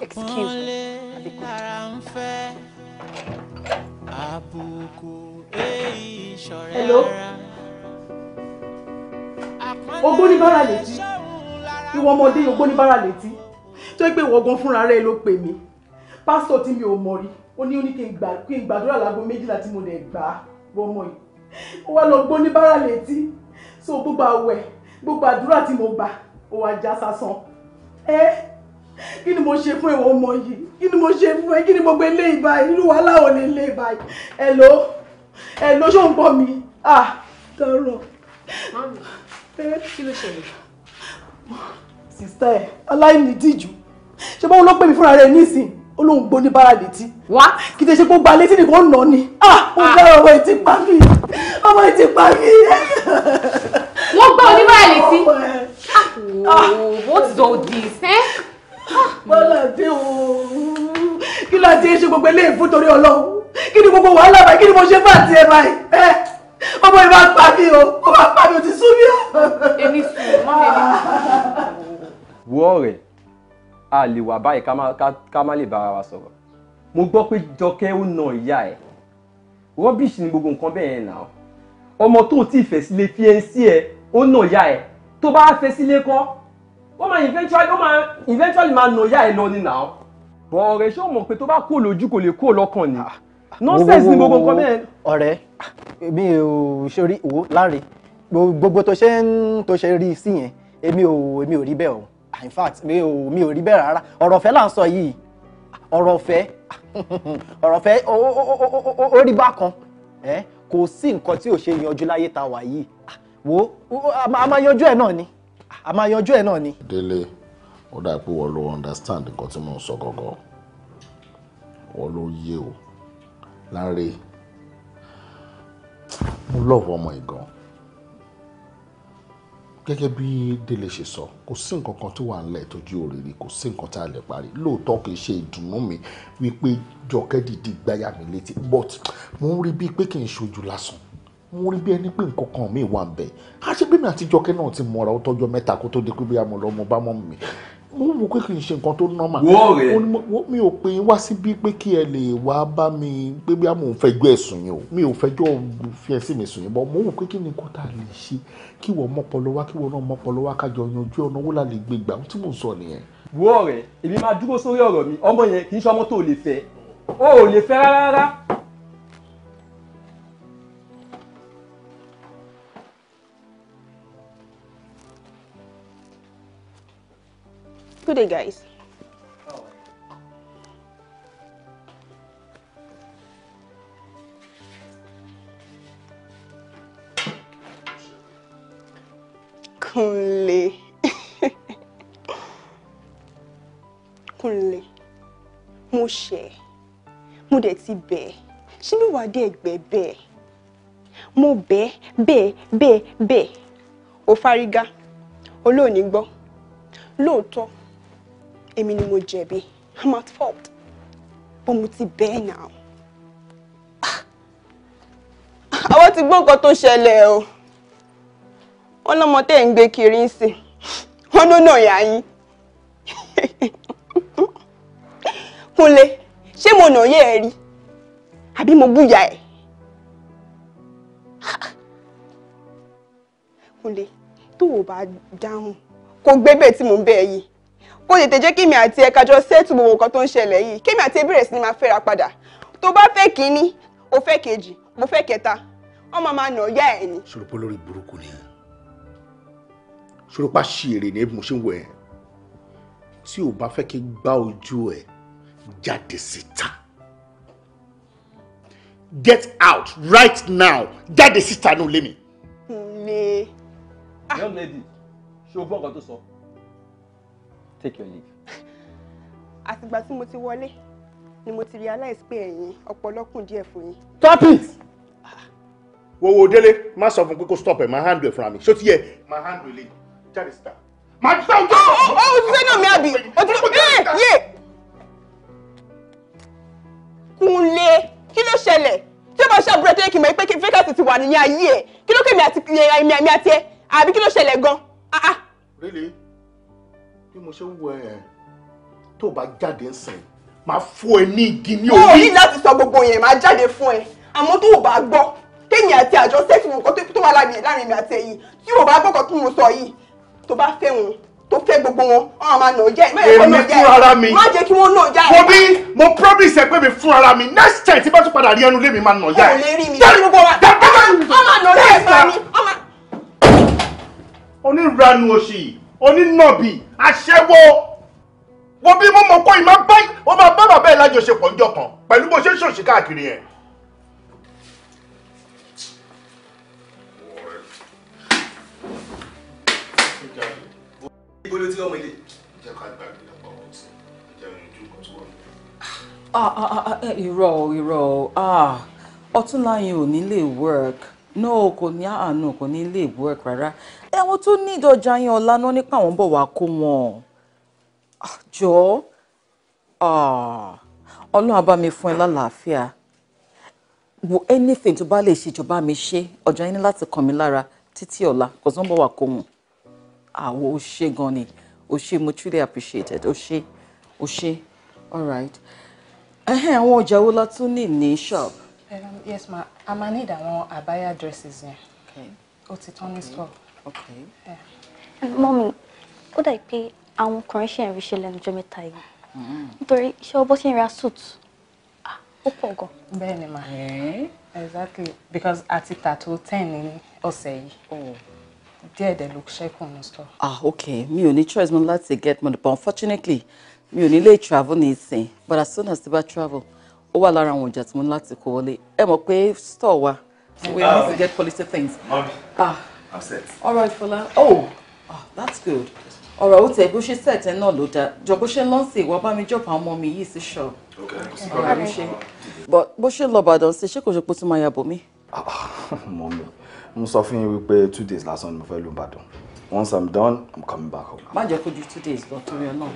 S1: excuse me àbíkú. hello ogbóníbára létí ìwọ ọmọdé ogbóníbára létí tó yẹ pé ìwọ gan fúnra rẹ ló pè mí pásítọ̀ tí mi ò mọ̀ rí ó ní ó ní kí n gbàdúrà láago méjìlá tí mo dẹ̀ gbà á wọ́mọ yìí ó wá lọ gbó ní bára létí so gbogbo àwẹ̀ gbogbo àdúrà tí mo gbà ó wá já sásán ẹ kí ni mo ṣe fún ìwọ ọmọ yìí kí ni mo ṣe fún ẹ kí ni gbogbo ilé ìbá irú wàhálà ò lè lé ìbá yìí ẹ ló ẹ ló ṣó ń gbọ́ mi ah tọrọ. mami kí ló ṣẹlẹ̀. sista ẹ aláìnídìjú ṣé báwo ló pè mí fúnra rẹ nísìnyí ó lóun gbó ní bára létí. wá kì í ṣe pé ó gba létí nìkan nà ni. Ah, ah, ó dára ah. ọmọ ìtì pa mí ọmọ ìtì pa mí.
S3: wọ́n gbọ́ oníbàárà létí. what's all this? Eh? bọ́lá dé o kí
S1: ló ti ṣe gbogbo eléyìí fún torí ọlọ́run kí ni gbogbo wàhálà báyìí kí ni mo ṣe fún àti ẹ báyìí eh, ọmọ ìbá
S2: pa mí o ó bá pa mí o ti sú mi o. èmi sùn mọ́ mi.
S1: wọ́ọ̀rẹ̀ a lè wà báyìí ká má lè bára wa sọ̀rọ̀ mo gbọ́
S2: pé jọkẹ́ ó na ìyá ẹ̀ rọ́bìṣì ni gbogbo nǹkan bẹ́ẹ̀ yẹn nà ọ́ ọmọ tó ti fẹ́ sílé fi ẹ́ sí ẹ ó na ìyá ẹ̀ tó bá fẹ́ sílé kọ́ ó máa eventually ó máa eventually máa na ìyá ẹ̀ lọ ni nà ọ́ bọ̀ ṣé o mọ̀ pé tó bá kó lójú kò lè kó lọ́kàn ni nonsense ni gbogbo nǹkan bẹ́ẹ̀. ọ̀rẹ́ mi ò ṣe rí wo láre gbogbo tó ṣe ń tó ṣe rí sí yẹn èmi ò èmi ò rí bẹ́ẹ̀ o in fact mi ò mi ò rí bẹ́ẹ̀ rárá ọ̀rọ̀ ọ̀fẹ́ là ń sọ yìí ọ̀rọ̀ ọ̀fẹ́
S1: *laughs* ọ̀rọ̀ ọ̀fẹ́ ó rí bákan kò sí nǹkan tí ò ṣe yanjú láyé
S2: tá wà yìí wo a máa yanjú ẹ̀ náà ni a máa yanjú ẹ̀ náà ni. délé ó dà pé wọ́n ló understand nǹkan tí mò ń sọ gọ́gọ́ wọ́n ló yé o láre mo lọ́wọ́ ọmọ ìgan gẹ́gẹ́ bí délé ṣe sọ kò sí nǹkan kan tó wà ńlẹ̀ tó ju òrèrè kò sí nǹkan tá a lè parí lóòótọ́ kì í ṣe ìdùnnú mi wípé
S1: jọkẹ́ dìde gbáyà mi létí but mo ń rí bíi pé kì í ṣojú lásán
S4: mo ń rí bíi ẹni pé nǹkan kan mi wà ń bẹ̀ àṣẹ bí mi àti jọkẹ́ náà ti mọ̀ra ó tọ́jọ́ mẹ́ta kó tó di pé bí a mọ̀ lọ́mọ bá mọ̀ mi mo wò pé kì í ṣe nǹkan tó normal. wọ́ọ̀
S2: rẹ̀ mi ò pè é wá síbí pé kí ẹ lè wá bá mi pé bí àwọn òǹfẹ̀jọ́ ẹ̀sùn yẹn o mi ò fẹjọ́ fi ẹ̀sìn mi sùn yẹn bọ́ mo wò
S4: pé kí ni nǹkan tá a lè ṣe kí wọ́n mọ́pọlọ wá kí wọ́n náà mọ́pọlọ wá kájọ yanjú ọ̀nà owó la lè gbé gbà
S2: ohun tí mò ń sọ nìyẹn. wọ́ọ̀ rẹ̀ èmi máa dúró sórí ọ̀rọ̀ mi ọmọ yẹn kì í ṣe ọmọ tó lè fẹ́ o ò lè fẹ́ rárá
S1: Good day, guys. Oh.
S2: Kúnlé.
S1: Kúnlé. Mo ṣẹ̀. Mo dẹ̀ ti bẹ̀. Ṣé bí wàá dé ẹgbẹ́ bẹ́ẹ̀? Mo bẹ̀ bẹ̀ bẹ̀ bẹ̀. Ò fárígá. Olóòní gbọ́. Lóòótọ́ èmi ni mo jẹ̀bi i'm at fault but mo ti bẹ́ẹ̀ náà ah, àwọn ti gbọ́ nǹkan tó ṣẹlẹ̀ o wọn lọ́mọ tẹ́ ń gbé kiri ń sìn wọn ló nà yà yín kúnlé ṣé mo nà yẹ ẹ rí àbí mo búyà ẹ kúnlé tó o bá dáhùn kò gbébẹ̀ tí mò ń bẹ̀ yìí kó tètè jẹ́ kími àti ẹ̀ka jọ sẹ́ẹ̀tù gbogbo nǹkan tó ń ṣẹlẹ̀ yìí kími àti ẹbí rẹ̀ sí ni máa fẹ́ra padà tó bá fẹ́ kínní o fẹ́ kejì mo fẹ́ kẹta ọmọ máa nà ọ̀yá ẹ̀ ni.
S4: sọ̀rọ̀ pé lórí burúkú ni sọ̀rọ̀ pa ṣì èrè ní mo ṣe ń wọ̀ ẹ́ tí o bá fẹ́ kí gbá ojú ẹ̀ jáde síta get out right now jáde síta ní olé mi.
S2: ǹlẹ́. Hmm, ah. young lady ṣé o gbọ́ nǹkan tó sọ. So? take your leave.
S1: àtìgbà tí mo ti wọlé ni mo ti realize pé ẹ̀yin ọ̀pọ̀lọkùn díẹ̀ fún yín.
S4: stop it. wo wo délé má sọ fún pé kó stop ẹ máa handle ẹ fúnra mi ṣó ti yẹ. máa handle ilé jáde síta. máa ti sáwọn jọ. ó ó ó ṣiṣẹ́ náà mi àbí òtún ẹ yé.
S1: Kúnlé kí ló ṣẹlẹ̀ tí ó bá ṣe àbúrò tó yẹ kí n mọ̀ pé fẹ́kàtì ti wà ní ayé ẹ̀ kí ló kẹ́ mi àti ẹ̀mí àti ẹ̀ àbí kí ló ṣẹlẹ̀ gan-an.
S4: really bí mo ṣe ń wọ ẹ̀ tó bá jáde sìn máa fún ẹ ní igi ní orí. mo ní
S1: láti sọ gbogbo yẹn máa jáde fún ẹ àmọ́ tó o bá gbọ́ kéèyàn àti àjọ sẹ́ẹ̀tì wọn kan tó wà láàrin mi àti ẹ̀yìn tí o bá gbọ́ kan tó mo sọ yìí tó bá fẹ́ wọn tó fẹ́ gbogbo wọn ọ̀hún máa nà ó jẹ́ ìmọ̀ náà jẹ́ ẹ̀ má jẹ́ kí wọ́n náà já ẹ̀. mo bí mo promise ẹ pé mi fún ara mi next time tí bá tún padà rí ẹnu lé mi máa nà ya ẹ. o lè rí mi lórí gbogbo wa ọmọ náà lè fún
S3: mi.
S2: oníranu oṣì onínàbì aṣẹ́wó wo bí mo mọ̀ pé ìmọ̀ bá ó máa bá bàbá ẹ̀ lájọṣepọ̀ ńjọ́ kan pẹ̀lú bó ṣe ń ṣòṣì káàkiri yẹn.
S4: ibo ló ti Ah ilé. jẹ́ ká gbàgbé ọ̀pọ̀ ọ̀hún sí ìjà ìrìnjú kan tó wà.
S3: Ah, ah, ah, eh,
S1: irọ́ irọ́ ọ̀túnla yẹn ò ní lè work no kò ní àánú kò ní ilé ìbú ẹ̀kọ́ rárá ẹ̀wọ̀n tó ní ìdọ̀jà yẹn ọ̀la náà nípa àwọn bọ̀ wá kó wọn ah, jọ ah, ọlọ́run bá mi fún ẹ lálàáfíà wo anything tó bá lè ṣe ìjọba mi ṣe ọjà yín ní láti kàn mí lára títí ọ̀la kò tó ń bọ̀ wá kó wọn àwọn ò ṣe gan ni ò ṣe mo truly appreciated ò ṣe ò ṣe all right ẹ̀hẹ́n àwọn ọjà wo la tún ní ní shop. Um, yes ma a máa ní ìdàwọn àbáyá dresses yẹn ó ti tán ní store. Eh, mọ́mí ó dà pé àwọn ọkùnrin ṣe ń rí ṣe lẹ́nu jọ mẹ́ta yìí mm-hmm. nítorí iṣẹ́ ọbọ̀ ṣe ń ra suit ó pọ̀ gan. bẹ́ẹ̀ ni ma eh? exactly because àti tàtó ten ní ọ̀sẹ̀ yìí oh. díẹ̀ dẹ̀ ló ṣẹ́kùn ní store. ah ok mi ò ní choice mo láti get money but unfortunately mi ò ní travel ní ìsìn but as soon as ti bá travel ó wà lára àwọn ọjà tí mo ní láti kó wọlé ẹ mọ̀ pé store wa we need ah. to get quality things. Mommy, ah I'm all right Fola oh, ah, that's good ọ̀rọ̀ ó tẹ̀ bó ṣe set ẹ̀ náà ló dáa jọ bó ṣe ń lọ́nsìn ìwọ bá mi jọ̀pọ̀ àwọn ọmọ mi yìí sí ṣọ́ọ̀. but bó ṣe lọ Ìbàdàn sí ṣé kò ṣe pé tún máa yàbò mi.
S2: Ah, *laughs* mommy mo sọ fún yín wípé two days lásán ni mo fẹ́ lọ Ìbàdàn once I'm done I'm coming back home.
S1: má jẹ́ kó ju two days
S3: lọ torí ọ náà.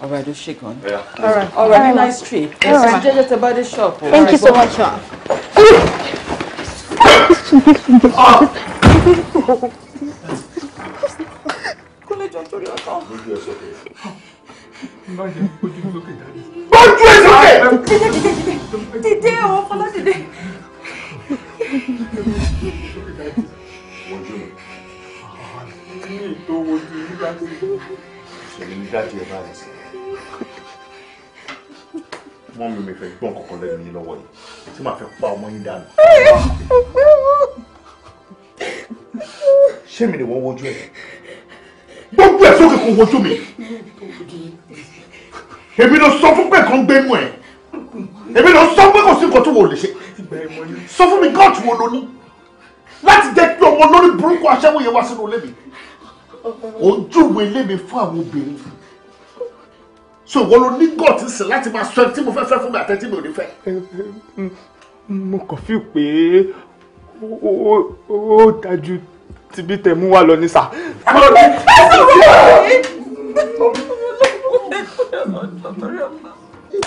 S3: All right, do shake on. Yeah. All right, all right, all right. nice trip. Yes, all right. Just about the shop. Thank right, you so much, ma.
S1: Kúnlé jọ torí ọkàn. Bójú ẹ sókè.
S3: Bójú ẹ sókè dáadé. Bójú ẹ sókè. Dìde dìde dìde dìde ọwọ́ fọlá dìde.
S2: Wojú mi. Ní ìtò wojú yíká tó.
S4: Ṣèlérí dájú ẹ báyìí sí mọ́ mi mi fẹ́ gbọ́n kọ̀ọ̀kan lẹ́nu
S2: yín lọ́wọ́ yìí tí màá fẹ́ pa ọmọ yín dànù. ṣé mi ni wọ́n wojú ẹ̀
S1: gbogbo ẹ̀ sókè kò wojú mi èmi ló sọ fún pé kan gbénu ẹ̀ èmi ló sọ pé kò sí
S4: nǹkan tó wò lè ṣe
S1: sọ fún mi gọ́ọ̀tù wo ló láti jẹ́ kí
S4: ọmọ lórí burúkú aṣẹ́wó yẹn wá sínú ilé mi ojú ìwé ilé mi fún àwọn obìnrin so ìwọ ló ní god ti sìn láti máa sọ ẹni tí mo fẹ́ fẹ́ fún mi àtẹ tí mi ò ní fẹ́. mo kàn fi pé ó dájú tibí tẹ mú wa lọ ní sà.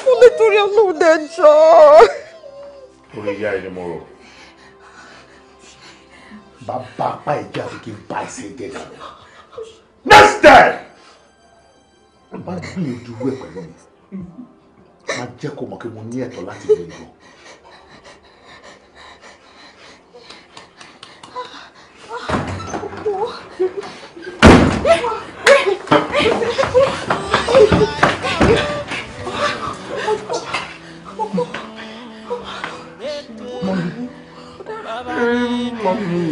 S1: mo lè torí ọlọ́run dẹ̀ jọ.
S4: orí ìyá ẹni mo rò bàbá apá ìjà fi kí n bá ẹsẹ̀ jẹ dànù. next time bá gbìyànjú wẹ̀ pẹ̀lú mi má jẹ́ kó mọ̀ pé mo ní ẹ̀tọ́ láti lè lọ.
S2: Mọ̀mí,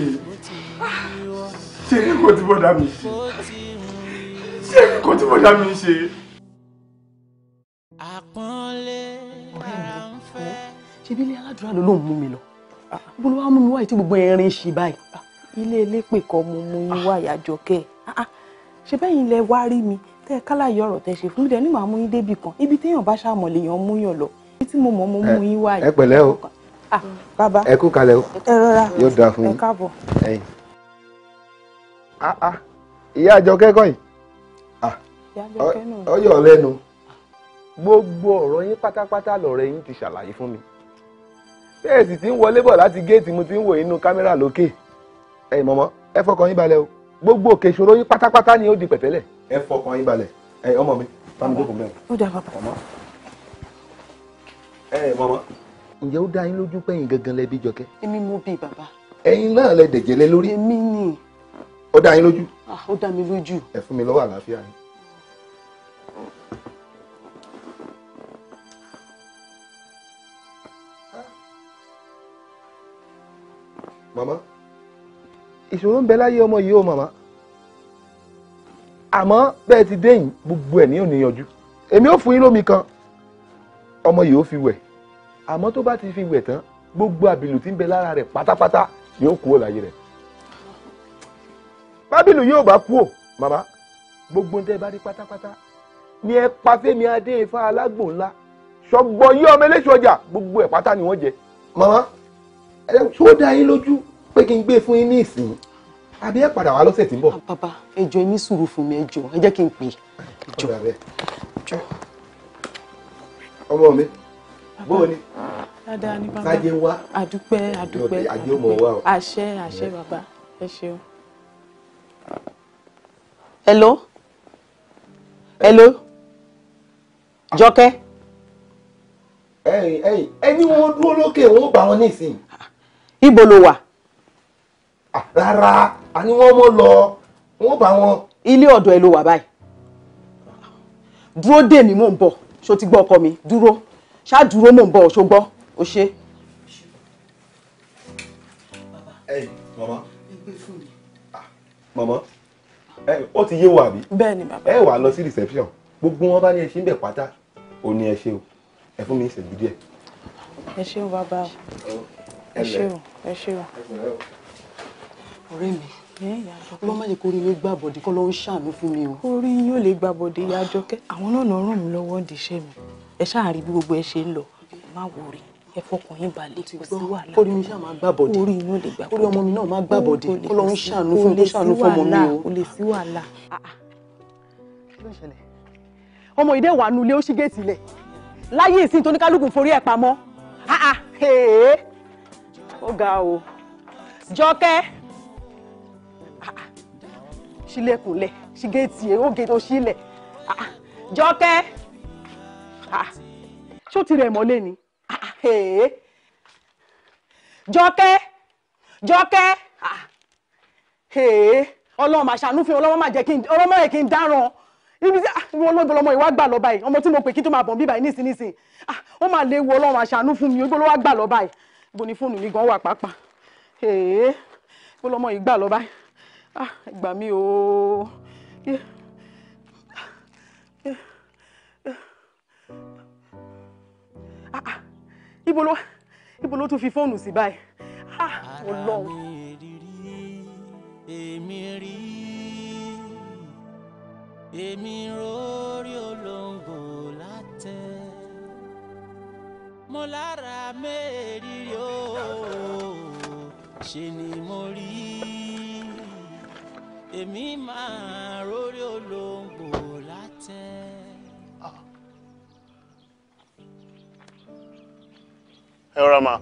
S2: ṣé kò tí bọ́dà mi ṣe? ṣé nǹkan tí mo dá mi ṣe. àpọ́nlé ara ń fẹ́.
S1: ṣebí ilé aládùúrà ló lóun mú mi lọ bólú wa mú mi wáyé tí gbogbo ẹrin ṣì báyìí. ilé elépè kan mo mú yín wáyà jọkẹ́ ah, ah, ṣe bẹ́ẹ̀ yín lẹ wá rí mi tẹ́ ẹ kálàyé ọ̀rọ̀ tẹ́ ṣe fún mi dẹ̀ nígbà mú yín débì kan ibi téèyàn bá ṣàmọ̀lé yàn mú yàn lọ ibi tí mo mọ̀ mo mú yín wáyé. ẹ pẹ̀lẹ́ o
S4: ah, bàbá ẹ kú kalẹ̀ o ẹ rọra yóò dáa fún yín ẹ káàbọ̀. ìyá àjọkẹ́ kọ́ yìí
S2: ọyọ
S4: lẹ́nu gbogbo ọ̀rọ̀ yín pátápátá lọ̀rẹ́ yín ti ṣàlàyé fún mi bẹ́ẹ̀ sì ti ń wọlé bọ̀ láti géètì mo ti ń wò inú kámẹ́rà lókè ẹ mọ̀mọ́ ẹ fọkàn yín balẹ̀ o gbogbo òkè ìṣòro yín pátápátá ni ó di pẹ̀tẹ́lẹ̀ ẹ fọkàn yín balẹ̀ ẹ ọmọ mi bá mi dókòó mẹ́rin. ó dà bàbá ọmọ ẹ mọ̀mọ́. ǹjẹ́ ó dá yín lójú pé ẹ̀yin gangan lẹ bí Jọkẹ́.
S1: èmi mo bí bàbá.
S4: ẹ̀yin náà lẹ dẹ̀jẹ̀ lé lórí.
S1: èmi ni. ó dá yín lójú. Ah, ó dá mi lójú. ẹ fún mi lọ́wọ́ àlàáfíà yín.
S4: mama ìṣòro ń bẹ láyé ọmọ yìí o màmá àmọ́ bẹ́ẹ̀ ti déyìn gbogbo ẹ̀ ní òníyanjú èmi ò fún yín lómi kan ọmọ yìí ó fi wẹ̀ àmọ́ tó bá ti fi wẹ̀ tán gbogbo àbìlù tí ń bẹ lára rẹ̀ pátápátá ni ó kúrò láyé rẹ̀ bábìlù yóò bá kú ò màmá
S1: gbogbo ntẹ bá rí pátápátá ni ẹ pa Fẹ́mi Adéfá alágbò ńlá ṣọgbọ yí ọmọ eléṣọjà gbogbo ẹ pátá ni wọ́n jẹ màmá ṣó dá yín lójú pé kí n gbé fún yín ní ìsìn àbí ẹ padà wá lọ́sẹ̀ tí ń bọ̀. bàbá ah, ẹ ẹ ní sùúrù fún mi ẹ ẹ jẹ́ kí n pè é ọmọ mi bó ni dáadáa wá àdúpẹ́ àdúpẹ́ àdúpẹ́
S2: àṣẹ àṣẹ bàbá ẹ ṣeun.
S1: hello hello jọkẹ́. ẹyìn ẹyìn ẹni wọn dúró lókè wọn bá wọn nísìnyí ibo ló wà. Ah, rárá àní wọ́n mọ̀ lọ wọ́n bá wọn. ilé ọ̀dọ̀ ẹ ló wà báyìí dúró dè mí mò ń bọ̀ ṣó ti gbọ́ ọkọ mi dúró ṣáà dúró mò ń bọ̀ ṣó gbọ́
S2: ó ṣe. ẹ̀yin mama ah, mama ẹ ó ti yé wa àbí. bẹ́ẹ̀ ni bàbá. ẹ wà lọ sí reception
S4: gbogbo wọn bá ní ẹ ṣe ń bẹ̀ pátá ò ní ẹ ṣe o ẹ fún mi ìṣẹ́jú díẹ̀.
S2: ẹ ṣeun bàbá o ẹ ṣé o ẹ ṣé o.
S1: ọ̀rẹ́ mi ló má yẹ kó rí mi gbà bọ̀dé kọ́ ló ṣàánú fún mi o. orí yóò lè gbà bọ̀dé ìyá Àjọkẹ́ àwọn náà lọ ràn mí lọ́wọ́ di iṣẹ́ mi ẹ ṣáà rí bí gbogbo ẹ ṣe ń lọ má wò rí ẹ fọkàn yín balẹ̀ kò sí wàhálà kórì mi ṣáà máa gbà bọ̀dé orí inú lè gbà bọ̀dé orí ọmọ mi náà máa gbà bọ̀dé kó ló ń ṣàánú fún mi kó ṣàánú fún ọmọ mi o. kò sí wàhálà ah, ah. ọmọ ìdẹ́ wà nulẹ̀ ó ṣí géètì ó ga o jọkẹ́ ṣílẹ̀kùnlẹ̀ ṣí géètì ó gé tó ṣílẹ̀ jọkẹ́ ṣó ti rẹ̀ mọ́lẹ̀ ni jọkẹ́ jọkẹ́ ọlọ́run máa ṣàánú fún ọlọ́run máa jẹ́ kí n ọlọ́run yẹ kí n dáràn ibi tí wọn lọ́gbọ̀n ọmọ ìwà gbà lọ báyìí ọmọ tí mo pè kí tó máa bọ̀ bí báyìí nísìnyìí ó máa léwu ọlọ́run máa ṣàánú fún mi ó gbọ́dọ̀ wá gbà lọ báyìí bo ni fóònù mi gan wà pàápàá èé bó lọmọ yìí gbà lọ báyìí ah gbà mí o ah, ah. ibo ló ibo ló tún fi fóònù sí báyìí
S2: ah Ọlọ́run. èmi rí èmi rórí olóńgbò. mo lára mẹ́rìírí o ṣe ni mo rí èmi máa rórí olóńgbò látẹ. ẹ rọra máa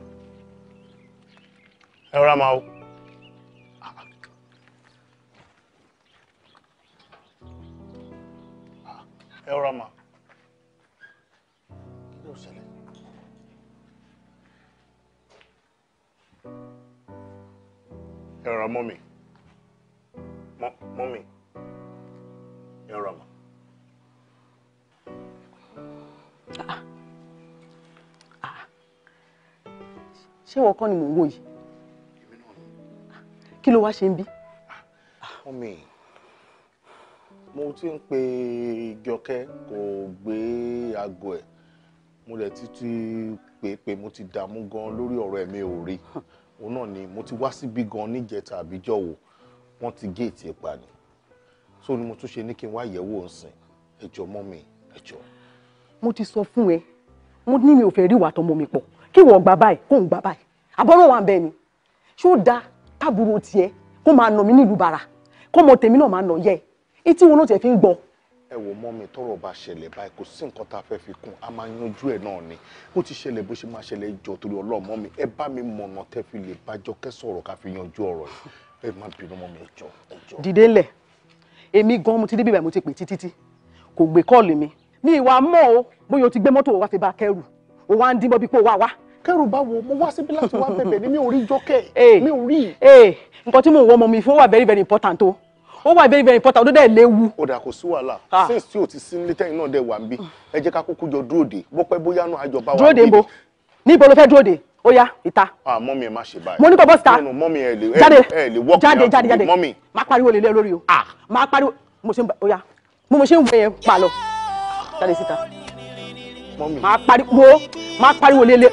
S2: ẹ rọra máa o. ẹ rọra máa.
S4: ẹ̀rọ mọ́mì mọ́mì ẹ̀rọ mọ́.
S1: Ah, ah. ṣé wọn kọ́ ni mò ń wò yìí kí ló wá ṣe ń
S3: bí.
S4: Ah, mọ́mì mo ti ń pe Jọkẹ́ kò gbé aago ẹ̀ mo lè ti ti pé mo ti dààmú gan lórí ọ̀rọ̀ ẹ̀mí ò rí òun náà ni mo ti wá síbí gan níjẹta àbíjọ wò wọ́n ti géètì ipa ni so ni mo tún ṣe ní kí n wá yẹ̀wò nsìn ẹjọ́ mọ́ mi ẹjọ́.
S1: mo ti sọ fún ẹ mo ní mi ò fẹ́ rí ìwà tọmọ mi pọ̀ kí wọ́n gbà báyìí kó ń gbà báyìí àbọ̀rọ̀ wa bẹ́ẹ̀ ni ṣé ó dáa tábùrò tiẹ̀ kó máa nà mí nílùú bàrà kó mọ tèmi náà máa nà yẹ etí wọn náà tiẹ̀ fi ń gbọ́
S4: ẹ wò mọ́ mi tọ́rọ̀ bá ṣẹlẹ̀ báyìí kò sí nǹkan tá a fẹ́ fi kún a máa yanjú ẹ̀ náà ni bó ti ṣẹlẹ̀ bó ṣe máa ṣẹlẹ̀ jọ torí ọlọ́mọ mi ẹ bá mi mọ̀nà tẹ́ fi lè bá Jọkẹ́ sọ̀rọ̀ ká fi yanjú ọ̀rọ̀ yìí ẹ má bínú mọ́ mi ẹ
S1: jọ̀ọ́ ẹ jọ̀ọ́. dìde ńlẹ̀ èmi gan mo ti débi báyìí mo ti pè títí tí kò gbé kọ́ọ̀lù mi mi ìwà mọ́ o bóyá o ti gbé mọ́tò wa fi ba kẹrù o wa ń dín bọ́bí pé o wá wá. kẹrù báwo mo wá síbi láti wá bẹ̀bẹ̀ ó wà very very important ọdún dẹ̀ léwu.
S4: ó dà kò sí wàhálà ah. since tí o ti sí nílé tẹ́yìn náà dẹ̀ wà ń bí ẹ jẹ́ ká kúkú jọ dúró de bọ́pẹ́ bóyá náà àjọ bá wà. dúró de nbo níbo ló fẹ́ dúró de ó yá ìta. ah mọ́mí ẹ má ṣe báyìí. mo ní kò bọ́ síta. nínú mọ́mí ẹ lè ẹ lè wọ́ọ̀kì jáde
S1: jáde jáde mọ́mí. má pariwo lè lé lórí o. ah má pariwo mo ṣe ń bá ó yá mo mo ṣe ń wọ yẹn pa lọ jáde síta. mọ́mí má pariwo má pariwo lè lé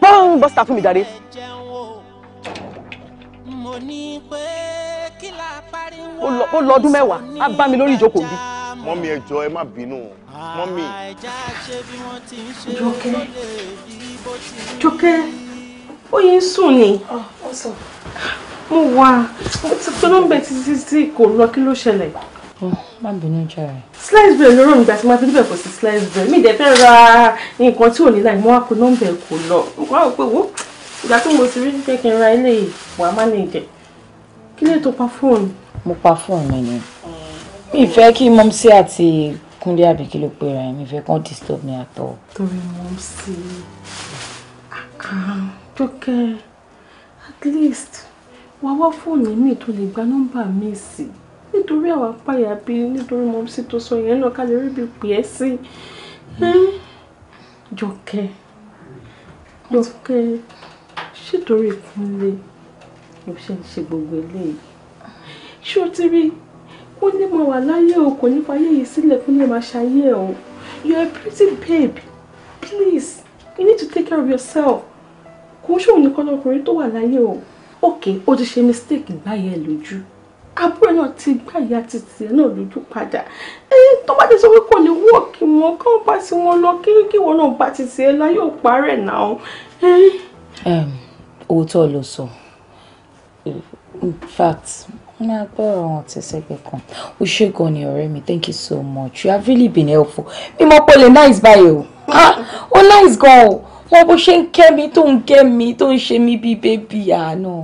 S1: pọ́n bọ́ síta fún mi jáde. mo ní pé ó lọ ọdún mẹ́wàá á bá mi lórí ìjókòó bí.
S4: mọ́mí ẹ jọ̀ọ́ ẹ má bínú mọ́mí. jọkẹ́
S1: jọkẹ́ ó yẹ ń sùn ni ah, mo wà ó ti pé nọ́mbà títí tí kò lọ kí ló ṣẹlẹ̀. Oh, má bínú jàre. slice bread lóró mi gbà tí mo fi níbẹ̀ kò sí slice bread mi dẹ̀ fẹ́ ra nǹkan tí ò ní láì mo wá kó nọ́mbà kò lọ wá wò pé wò ìgbà tí mo ti rí pé kí n ra ilé ìwà mánìjẹ kí lè tó pa fóònù mo pa fóònù mi ni mi fẹ́ kí mọ́mísí àti kúnlé àbíkí ló pe rẹ̀ mi fẹ́ kán disturb mi àtọ̀.
S3: torí mọ́mísí
S1: jókè at least wà wá fóònù mi tó lè gba nọ́mbà mi sí nítorí àwa páyà bíi nítorí mọ́mísí tó sọ yẹn lọ ká lè rí ibi pè é sí jókè jókè ṣètò ìkúnlé ló ṣe ń ṣe gbogbo eléyìí ṣé o ti rí ó ní mo wà láyé o kò ní fàyè yìí sílẹ̀ fún lè máa ṣayé o you are a pretty babe please you need to take care of yourself kò ń ṣòwò nìkan ọkùnrin tó wà láyé o ok ó ti ṣe mistake báyẹ̀ lójú àbúrò náà ti gbá ìyá títì ẹ náà lójú padà ẹyìn tó bá ti sọ pé kò ní wọ́ọ̀kì wọn káwọn bá ti wọn lọ kíríkì wọn náà bá títì ẹ láyé ò parẹ́ náà. òótọ́ ló sọ in fact ní agbára àwọn àtẹ̀sẹ̀gbẹ̀ kan ó ṣe gan ni ọ̀rẹ́ mi thank you so much you have really been helpful bí mo pọ̀ lè nice báyìí o ó ah, nice gan o wọ́n bó ṣe ń kẹ́ mi tó ń kẹ́ mi tó ń ṣe mí bíi bébí àánú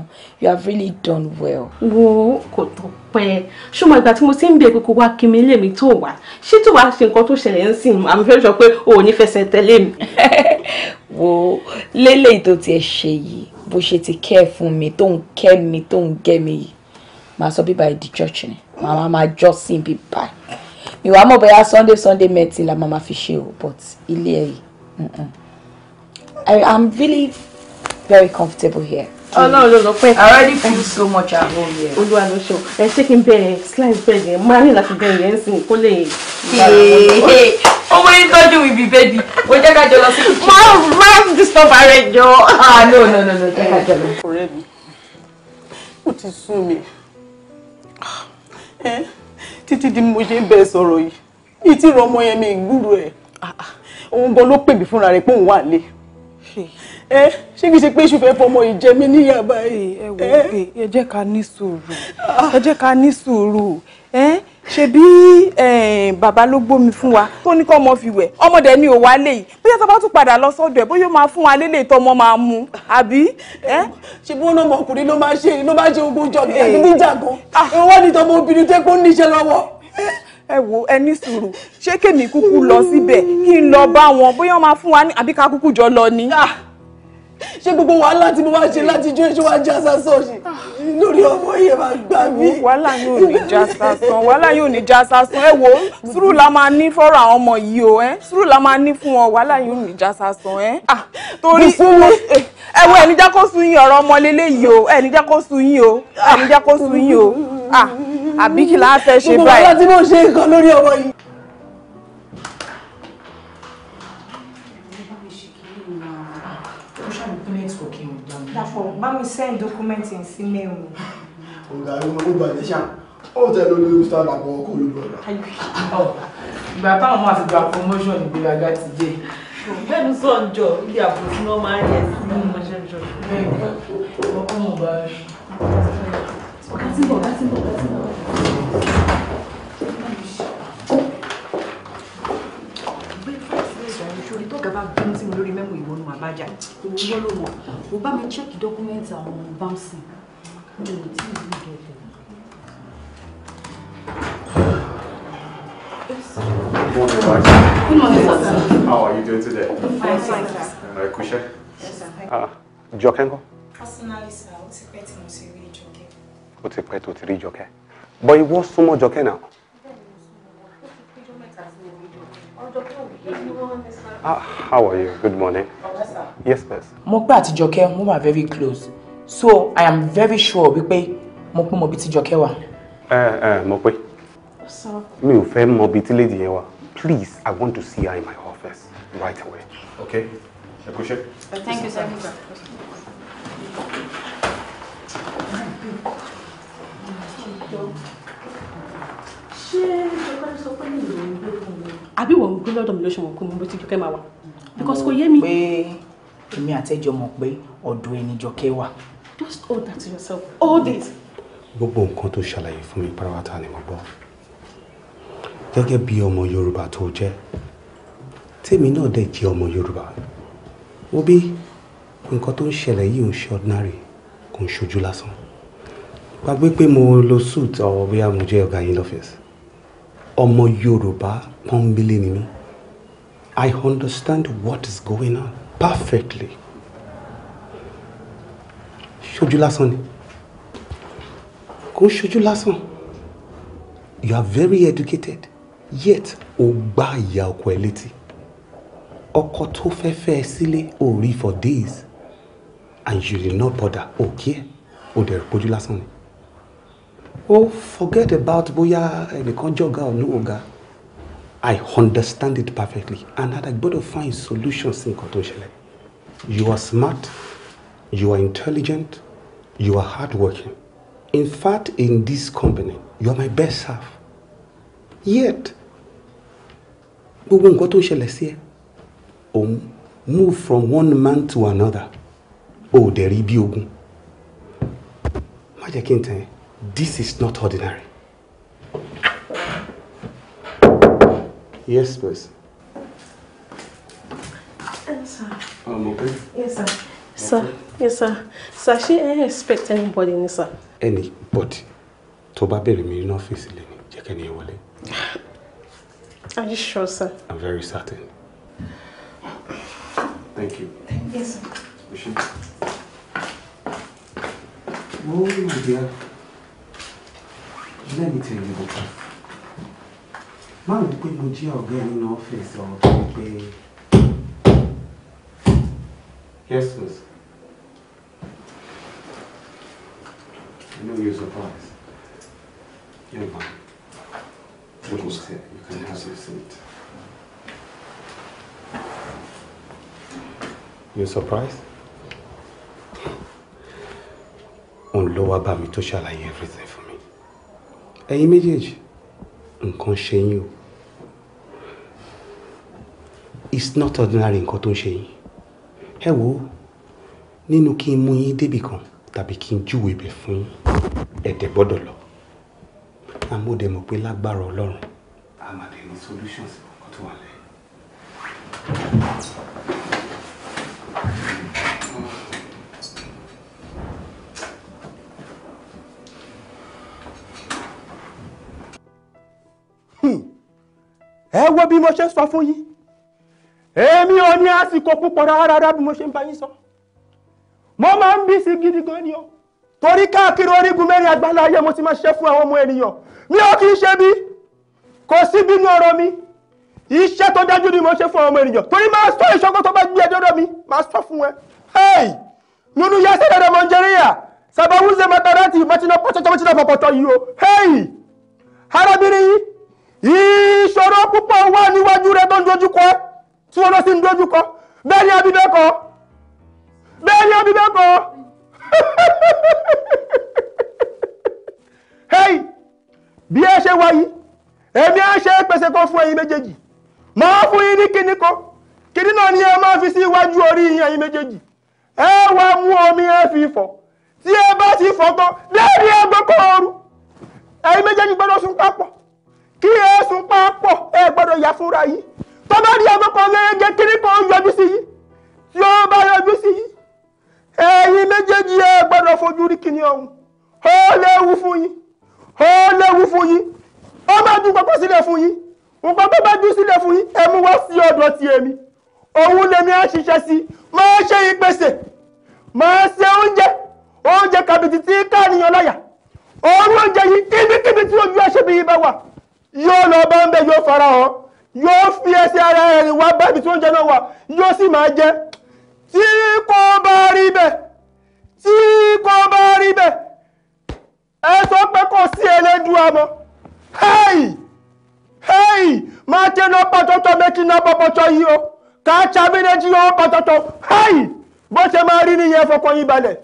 S1: you have really done well. wo kò tó pẹ́ ṣùgbọ́n ìgbà tí mo ti ń bẹ̀ pé kò wá kí mi lé mi tó wá ṣé tó wá ṣe nǹkan tó ṣẹlẹ̀ ń sìn àmì fẹ́ sọ pé o ò ní fẹsẹ̀ tẹ̀lé mi. *laughs* wo lélẹ́yìí tó tiẹ̀ ṣe yìí bó ṣe ti kẹ́ fún mi tó ń kẹ́ mi tó ń gẹ́ mi yìí màá sọ bíbá ìdí church ni màá máa jọ́sìn bíbá mi wàá mọ̀ bóyá sunday sunday meeting la màá fi ṣe o but ilé ẹ̀ yìí I am really very comfortable here. Ọlọ́run ló lọ pẹ́. I already feel so much at home here. Olúwa ló ṣe o. Ẹ ṣé kí n bẹ̀rẹ̀ slice bread yẹn, máa ní láti bẹ̀rẹ̀ yẹn sìn kó lè. Owó yín tọ́jú mi bí bẹ́ẹ̀dì, mo jẹ́ ká jọ lọ sí kíkì. Má má disturb ara ẹ jọ. no no no no jẹ́ ká jọ lọ. Ọ̀rẹ́ mi, ó ti sú mi títí di mo ṣe ń bẹ sọ̀rọ̀ yìí bíi tí ìrọ̀ ọmọ yẹn mi gbúrò ẹ̀ òun bọ́ ló pè mí fúnra rẹ̀ pé òun wà lé ẹ ṣé kìí ṣe pé iṣu fọmọ ìjẹ mi níyà báyìí. ẹ wò ó pé ẹ jẹ́ ká ní sùúrù ẹ jẹ́ ká ní sùúrù ṣebí bàbá ló gbómi fún wa tó ní kọ́ ọmọ fi wẹ̀ ọmọdé ni ò wá léyìí bóyá tó bá tún padà lọ sọ́dọ̀ ẹ̀ bóyá ó máa fún wa lélẹ̀ tó ọmọ máa mu àbí. ṣebí wọn ọmọ ọkùnrin ló máa ṣe ló máa ṣe ogun jọ tàbí níjà gan ìwọ ah. ni tọmọ obìnrin tẹ kó níṣẹ́ lọ́wọ́. ẹ wo ẹ ní sùúrù ṣé kèmí kúkú lọ síbẹ̀ kí n lọ bá wọn bóyá wọn máa fún wa ní àbí kúkú jọ lọ ni. Ah ṣé gbogbo wàhálà tí mo bá ṣe láti jó èso wa já sásán ṣe lórí ọmọ yẹn máa gbà mí. wàhálà yóò ní já sásán wàhálà yóò ní já sásán ẹ wò sùúrù la máa ní fọ́rọ̀ àwọn ọmọ yìí o ẹ sùúrù la máa ní fún wọn wàhálà yóò ní já sásán ẹ. torí ẹ wo ẹni já kó sun yín ọ̀rọ̀ ọmọ lélẹ́yìí o ẹni já kó sun yín o ẹni já kó sun yín o àbí kí la fẹ́ ṣe báyìí. gbogbo wàhálà tí mo ṣe nǹkan lórí ọmọ yìí. ṣàfọ̀ bá mi send document yẹn sí mail mi. ọ̀gá ló mọ gbogbo àdéṣà ó tẹ ló lórí star bàbá ọkọ olùgbọ ọ̀dà. ìgbà táwọn to do a promotion ìgbéraga ti jẹ́. bẹ́ẹ̀ni sọ̀njọ́ ibi àbòsí náà máa ń yẹ sí ìmọ̀ṣẹ́ jọ. ọkọ mo bá a ṣe. ọ̀gá tí ń bọ̀ ọ̀gá tí ń bọ̀ ọ̀gá tí ń bọ̀. ọ̀gá bá lórí mẹ́mú ìwọ ni màá ló mọ̀ mo bá mi check document àwọn bámsìn mi ò tí ì rí gẹ̀ẹ́fẹ̀.
S4: Morning, How are you doing today? Fine, fine, sir. Ẹ kú Ah, Jọkẹ́ ńkọ́? Personally, sir, ó ti pẹ́ tí mo ti rí Jọkẹ́. Ó ti pẹ́ tó ti rí Jọkẹ́. But ìwọ súnmọ́ Jọkẹ́ náà. Bẹ́ẹ̀ni, mo Ah, how are you? Good morning. Yes, miss.
S1: Mọ́pẹ́ àti Jọkẹ́ we are very close. So I am very sure we Mọ́pẹ́ mọ ibi tí
S4: Jọkẹ́ wà. Eh, eh, Mọ́pẹ́. Sir. Mi ò fẹ́ mọ lady yẹn Please, I want to see her in my office right away. Okay. Ẹ kú iṣẹ́.
S3: Thank you, sir.
S1: Thank you ṣé ìjọba ló gbé fún mi. àbí wọn kó mo ti jọkẹ́ máa wà.
S2: because kò yé mi.
S1: pé èmi àtẹ́jọ mọ̀ pé ọ̀dọ̀ ẹni jọkẹ́ wà. just hold that to yourself hold it.
S2: gbogbo
S4: nǹkan tó ṣàlàyé fún mi pátápátá ni mo gbọ́ gẹ́gẹ́ bí ọmọ yorùbá tó jẹ́ tèmi náà dẹ̀ jẹ́ ọmọ yorùbá wọ́n bí nǹkan tó ń ṣẹlẹ̀ yìí ń ṣe ordinary kò ń ṣojú lásán gbàgbé pé mo lo suit ọ̀ bóyá mo jẹ́ ọ̀gá yín lọ́fíìsì ọmọ Yorùbá pọ́nbélé ni mí I understand what is going on perfectly ṣojú lásán ni kò ń ṣojú lásán you are very educated yet o gbá ìyá ọkọ ẹ létí ọkọ tó fẹ́ fẹ́ sílé ò rí for days and you did not bother ò kí ẹ ò dẹ̀ rẹ̀ lásán ni oh forget about bóyá ẹnìkan jọ̀gá olóògá I understand it perfectly and I gbọ́dọ̀ find solutions sí nǹkan tó ń ṣẹlẹ̀ you are smart you are intelligent you are hardworking in fact in this company you are my best self yet gbogbo nǹkan tó ń ṣẹlẹ̀ sí ẹ ò move from one man to another Oh, dẹ̀ rí bí ogun má jẹ́ kí n tẹ̀ This is not ordinary. Yes, please.
S1: Yes, sir. I'm um, okay. Yes, sir. Okay. Sir, yes, sir. Sir, she expect anybody, ni, sir.
S4: Anybody? Toba bá me mi ní ọ́fíìsì Check any kẹ́ni Are you sure, sir? I'm very certain. Thank you. Yes, sir. Wish Oh, my dear let me tell you the truth má rò pé mo jẹ́ ọ̀gá ẹ nínú ọ́fíìsì ọ̀rọ̀ tó ń pé yes miss I know you're surprised you're fine what was there you can have your seat you're surprised òun ló wá bá mi tó ṣàlàyé everything ẹ̀yin méjèèjì nǹkan ṣe yín o it's not ordinary nǹkan tó ń ṣe yín ẹ wo nínú kí n mú yín débì kan tàbí kí n júwèé ibẹ̀ fún yín ẹ̀dẹ̀ gbọ́dọ̀ lọ amódemọ̀ pé lágbára ọlọ́run a máa lè ní solutions ọkọ̀ tó wà lẹ́yìn.
S2: ṣe sọ fún yín èmi ò ní àsìkò púpọ̀ rárá bí mo ṣe ń bá yín sọ mo máa ń bí sí gidi gan ni o torí káàkiri orígun mẹ́rin àgbáńlá ayé mo ti máa ṣe fún àwọn ọmọ ènìyàn mi ò kì í ṣe bí kò sí bínú ọ̀rọ̀ mi iṣẹ́ tó dájú ni mo ṣe fún àwọn ọmọ ènìyàn torí máa sọ ìṣògo tó bá gbé ẹjọ́ rẹ̀ mi máa sọ fún ẹ
S1: hey nínú yẹsẹ̀ dandan mọ̀ ń jẹrìí yà sàbẹ̀wúzẹ̀ mọ̀tàràtì mọ̀tìnà pọ̀tọ̀tọ̀ mọ̀tìnà pọ̀pọ̀tọ̀ yìí o hey arábìnrin yìí ìṣòro púpọ̀ wà níwájú rẹ tó ń dojúkọ tí wọn lọ sí ń dojúkọ bẹ́ẹ̀ ni àbí kọ́
S2: bẹ́ẹ̀ ni àbí kọ́ *laughs* hey bí ẹ ṣe wáyé èmi á ṣe pèsè kan fún ẹ̀yin méjèèjì máa fún yín ní kinní kan kinní náà ni ẹ máa fi sí iwájú orí yín ẹ̀yin méjèèjì
S1: ẹ wá mú omi ẹ fi fọ̀ tí ẹ bá ti fọ̀ tán lẹ́ẹ̀ni ẹ gbọ́kọ̀ ooru ẹ̀yin méjèèjì gbọ́dọ̀ sùn papọ̀ kí ẹ̀sùn pa pọ̀ ẹ gbọ́dọ̀ yà fúnra yìí tó bá rí ọmọ kan lẹ́yìn kiri kan yọjú sí yìí tí ó bá yọjú sí yìí
S2: ẹ̀yin méjèèjì ẹ gbọ́dọ̀ fojú rí kíni ọ̀hún ó léwu fún yín ó léwu fún yín ó bá ju kọ́kọ́ sílẹ̀ fún yín nǹkan tó bá ju sílẹ̀ fún yín ẹ mú wá sí ọ̀dọ̀ ti èmi òun lèmi á ṣiṣẹ́ sí máa ṣe ìpèsè
S1: máa ṣe oúnjẹ oúnjẹ kàbìtì tí káàníyàn láyà òun oúnjẹ
S2: yìí kíbíkíbi tí ojú ẹ ṣe bí yìí wà yóò lọ bá ń bẹ yóò fara hàn yóò fi ẹsẹ̀ ara ẹ̀rìn wá bá ibi tí oúnjẹ náà wà yóò sì máa jẹ tí kò bá rí bẹ́ẹ̀ tí kò bá rí bẹ́ẹ̀ ẹ sọ pé
S1: kò sí Elédùà mọ́ hey hey máa tẹ náà pàtọ́tọ́ méjì náà pọ̀pọ̀tọ́ yìí o ká ṣàbínájí yóò pàtọ́tọ́ hey bó ṣe máa
S2: rí nìyẹn fọkàn yín balẹ̀.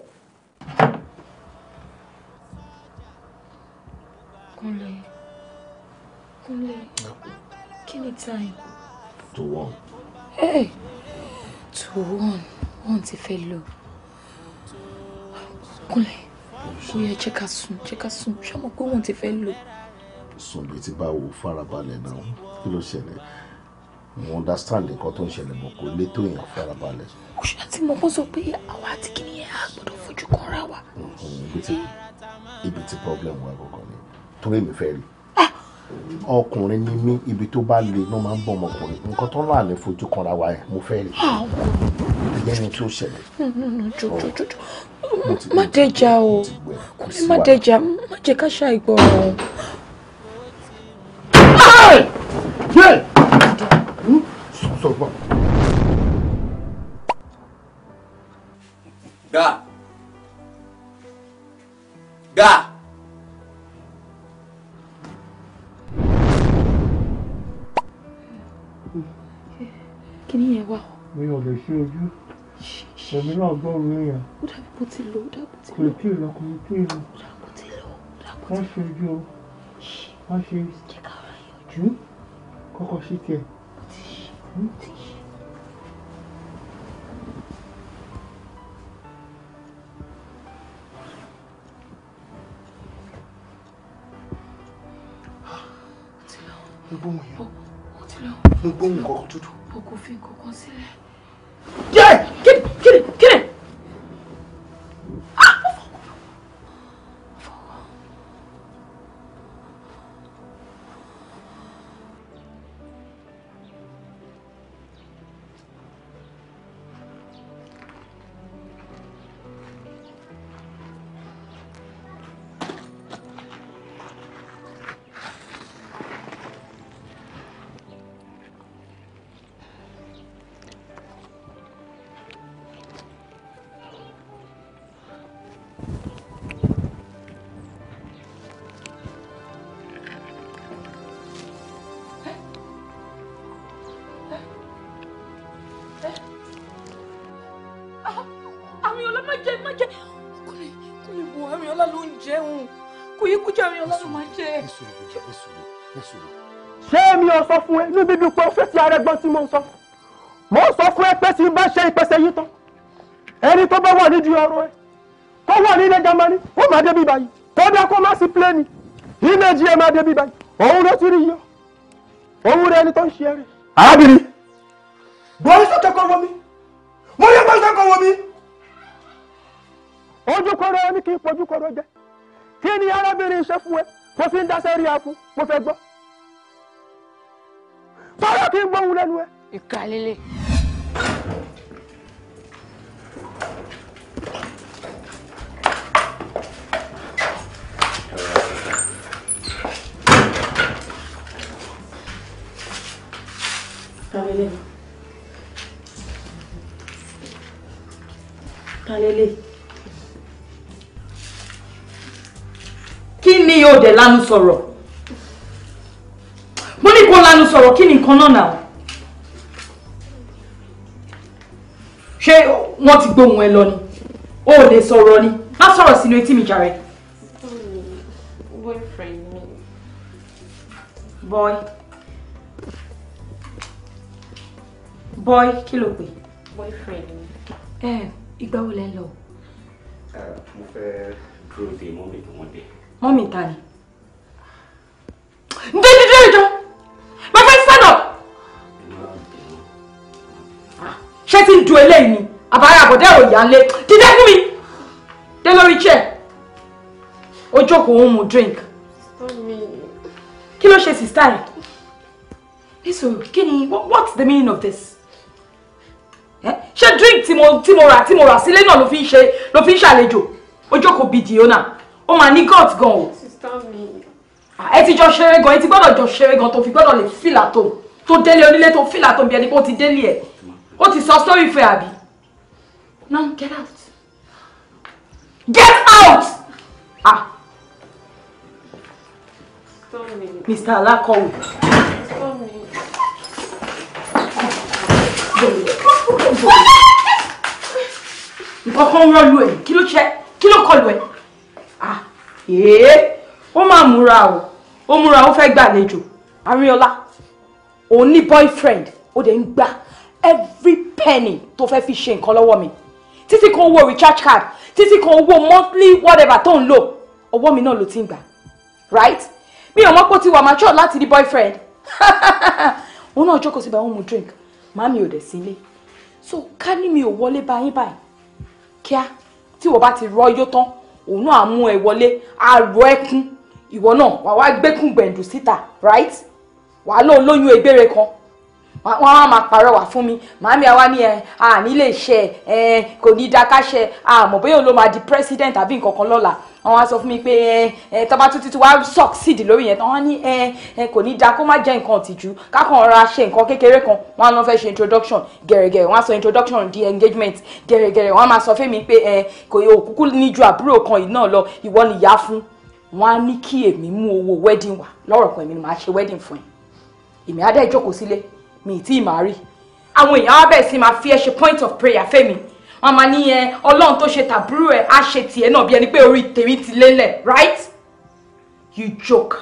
S3: Kúnlé, time?
S2: To one.
S1: Hey, to one. One ti fẹ́ lọ. Kúnlé, ó yẹ jẹ́ ká sùn, jẹ́ ká sùn. Ṣé mo pé one ti fẹ́ lọ?
S2: Sùn ti bá wo farabalẹ̀ náà. Kí ló ṣẹlẹ̀?
S4: Mo understand nǹkan tó ń ṣẹlẹ̀ mọ̀ kó lé tó èèyàn farabalẹ̀.
S1: Ó ṣe àti mo kó sọ pé àwa àti
S4: kìnìyàn á gbọ́dọ̀ fojú kan ra wa. Ibi tí problem wa
S1: gbọ̀ngàn ni.
S2: Torí mi fẹ́ rí ọkùnrin ni mí ibi tó bá le ló máa ń bọ̀ ọmọkùnrin nǹkan tó ń là ní fojú kanra wa yẹn mo fẹ́ rí ah, ìyẹn ni tí ó ṣẹlẹ̀.
S1: má dẹjà o má dẹjà má jẹ ká ṣàìgbọràn o.
S2: lè ṣe ojú èmi náà gbóhùn yẹn
S1: kò tí ì lọ kò
S2: tí ì lọ wọ́n
S4: ṣe ojú o wọ́n ṣe jù kọ́kọ́ sí tiẹ̀. Hm? mo gbóhùn yẹn mo gbóhùn kọ̀ọ̀kan tútù.
S1: o kò fi kọ̀ọ̀kan sílẹ̀. Get it!
S4: Get it! Get it!
S1: jẹun kò yí kú jẹun ọlọ́run máa jẹ. ṣé mi ò sọ fún ẹ ní bíbí pé ó fẹ́ ti arẹgbọ́n tí mo ń sọ mo ń sọ fún ẹ pé tí n bá ṣe ìpèsè yìí tán ẹni
S2: tó bá wà nídìí ọ̀rọ̀ ẹ tó wà ní ilẹ̀ jamani ó máa débi báyìí kódà kó má sí pléènì ilé jí ẹ máa débi báyìí òun ló ti rí yọ òun rẹ ẹni tó ń ṣe rẹ. arábìnrin. bọ́lá sọ́kẹ́ kọ́ wọ́n mi mo yẹ bọ́lá sọ́kẹ́ kọ́ wọ́n mi. ojú kọ́rọ́ ẹni kì í pojú kọ́rọ́ jẹ́ rin iṣẹ́
S1: fún ẹ mo fi ń dáṣẹ́ rí afún mo fẹ́ gbọ́ sọ̀rọ̀ kí n gbóhùn lẹ́nu ẹ. ìka líle. Talele. lanu Soro. mo ní kó lanu Soro. Kini ni na. náà nà ṣé wọ́n ti gbóhùn ẹ lọ ni o ò lè sọ̀rọ̀ ni má sọ̀rọ̀ sínú etí mi jàre. boyfriend mi. boy boy kí ló boyfriend mi. ẹ ìgbà wo lẹ ń lọ.
S4: mo fẹ́ dúró de mọ́mì tí wọ́n dé.
S1: mọ́mì ta ni. ju eléyìí ni àbára àbọ̀dẹ́ ò yá dídé fún mi dé lórí chair ó jókòó ń mu drink kí ló ṣe sista rẹ niso kí ni what's the meaning of this eh? ṣé drink tí mo tí mo rà tí mo rà sílé náà ló fi ń ṣe ló fi ń ṣàlejò ó jókòó bìdì ó náà ó máa ní gut gan o ẹ ti jọ ṣeré gan ẹ ti gbọ́dọ̀ jọ ṣeré gan tó fi gbọ́dọ̀ lè fìlà tó tó délé onílé tó fìlà tó bí ẹni pé ó ti délé ẹ. What is your story for Abby? àbí now get out get out ah mr me. nǹkan kan rọlù ẹ kí ló ṣe kí ló kọlù ẹ ah ee eh. ó máa múra o ó múra ó fẹ́ gbàlejò Arínọlá òun ní boyfriend ó dẹ̀ ń gbà every penny to fẹ́ fi ṣe nǹkan lọ́wọ́ mi títí kan owó recharge card títí kan owó monthly whatever tó ń lò ọwọ́ mi náà ló ti ń gbà right mi ò mọ̀ pé ó ti wà mature láti di boyfriend *laughs* òun náà jókòó síbi àwọn mu drink màmí ò dẹ̀ sílé so ká ní mi ò wọlé báyìí báyìí kíá tí wọ́n bá ti rọ́ yó tán òun náà á mú ẹ wọlé á rọ ẹkún ìwọ náà wàá wá gbẹ́kùn gbẹ̀ǹdù síta right wàá lóun lóyún egbére kan wọ́n á máa pàrọwà fún mi màámi àwa ni ẹ à nílé iṣẹ́ ẹ kò ní dákáṣẹ àmọ́ bóyá ló di president àbí nǹkan kan lọ́la wọ́n á sọ fún mi pé ẹ ẹ tọ́ba tuntun ti wá succeed lórí yẹn tán wọ́n ní ẹ ẹ kò ní da kó má jẹ́ nǹkan ìtìjú kákan ra ṣe nǹkan kékeré kan wọ́n lọ fẹ́ ṣe introduction gẹ̀rẹ́gẹ̀rẹ́ wọ́n á sọ introduction di engagement gẹ̀rẹ́gẹ̀rẹ́ wọ́n á máa sọ fún mi pé ẹ kò òkúkú ní ju àbúrò kan yìí náà lọ ìwọ nìyá fún wọ́n ní kí èmi mú owó wedding wá lọ́rọ̀ kan èmi ni màá ṣe wedding fún ẹ èmi á dẹ́ sílé mi tí ì máa rí àwọn èèyàn á bẹ̀rẹ̀ sí máa fi ẹ point of prayer fẹ́mi wọn máa ní yẹn ọlọ́run tó ṣe tàbúrò ẹ á ṣe tiẹ̀ náà bí ẹni pé orí tèmi ti lélẹ̀ right you joke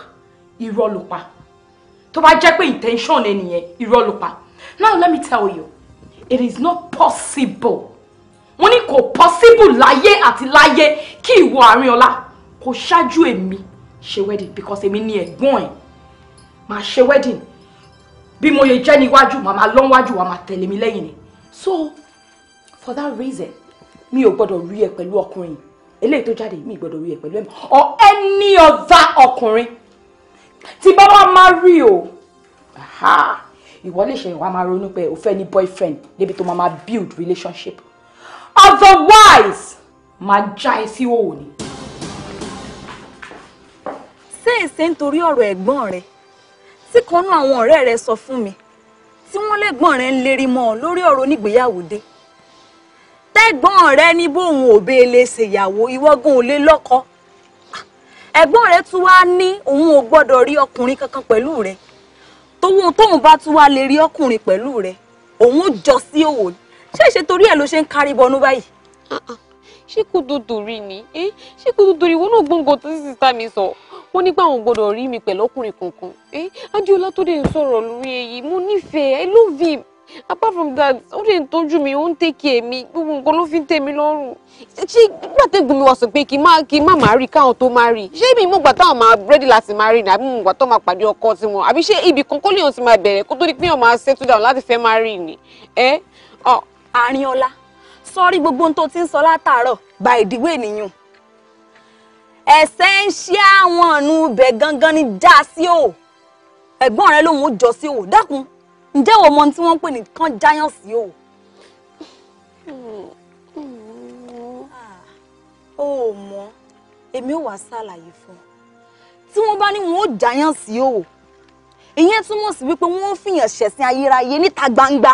S1: irọ́ ló pa tó bá jẹ́ intention ẹ nìyẹn irọ́ ló now let me tell you it is not possible wọ́n ní kò possible láyé àti láyé kí ìwọ Àrínọlá kò ṣáájú èmi ṣe wedding because èmi ni ẹ̀gbọ́n ẹ̀ ma ṣe wedding bí mo yẹ jẹ́ níwájú màá máa lọ máa tẹ̀lé mi lẹ́yìn ni so for that reason mi ò gbọ́dọ̀ rí ẹ pẹ̀lú ọkùnrin eléyìí tó jáde mi ò gbọ́dọ̀ rí ẹ pẹ̀lú ẹ̀mí or any other ọkùnrin tí bàbá máa rí o ìwọ lè ṣe ìwà máa ronú pé o fẹ́ ní boyfriend débi tó máa máa build relationship otherwise máa já ẹ sí òòní. ṣé èsè ń torí ọ̀rọ̀ ẹ̀gbọ́n rẹ̀ tí kan náà àwọn ọ̀rẹ́ rẹ sọ fún mi tí wọ́n lẹ́gbọ́n rẹ ń lérí mọ́ ọ lórí ọ̀rọ̀ onígbéyàwó dé tẹ́gbọ́n rẹ ní bóun ò béèlè ṣèyàwó ìwọ́gun ò lè lọ́kọ ẹ̀gbọ́n rẹ tún wá ní òun ò gbọ́dọ̀ rí ọkùnrin kankan pẹ̀lú rẹ tòun tóun bá tún wá lè rí ọkùnrin pẹ̀lú rẹ òun jọ sí òwò ṣèṣe torí ẹ̀ ló ṣe ń kárí bọnú báyìí. Ah, ah ṣé kò dòdòrí ni ṣé kò dòdòrí ìwọ náà gbọ́ngàn tó sì sísá mi sọ wọ́n nípa àwọn gbọ́dọ̀ rí mi pẹ̀lú ọkùnrin kankan Adéọlá tó dẹ̀ ń sọ̀rọ̀ lórí èyí mo nífẹ̀ẹ́ I love him apart from that ó dẹ̀ ń tọ́jú mi ó ń tẹ́kì ẹ̀mí gbogbo nǹkan ló fi ń tẹ́ mi lọ́rùn ṣé gbàtẹ́gùn mi wà sọ pé kí n má kí n má má rí káwọn tó má rí ṣé mi mọ̀gbà táwọn máa rẹ́dí láti má rí ni àbí mọ̀gbà tó máa pàdé ọkọ tiwọn àbí ṣé ibì kan kó lèèyàn ti máa bẹ̀rẹ̀ kó tó di pé èèyàn máa settle down láti fẹ́ má rí ni ẹ́. Àrínọlá sọ́rí gbogbo ohun tó ti ń sọ látàárọ̀ by the way nìyẹn ẹ̀sẹ̀ ń ṣe àwọn ọ̀nù ibẹ̀ gangan ni já sí o ẹ̀gbọ́n rẹ lòun ò jọ sí o dákun ǹjẹ́ wo mọ tí wọ́n ń pè ní kán jáyàn sí o. Hmm. Hmm. Ah. o ò mọ èmi ò wá ṣàlàyé fún ọ tí wọ́n bá ní wọn ò jáyàn sí o ìyẹn túmọ̀ sí wípé wọ́n ń fìyàn ṣẹ̀sìn ayérayé níta gbangba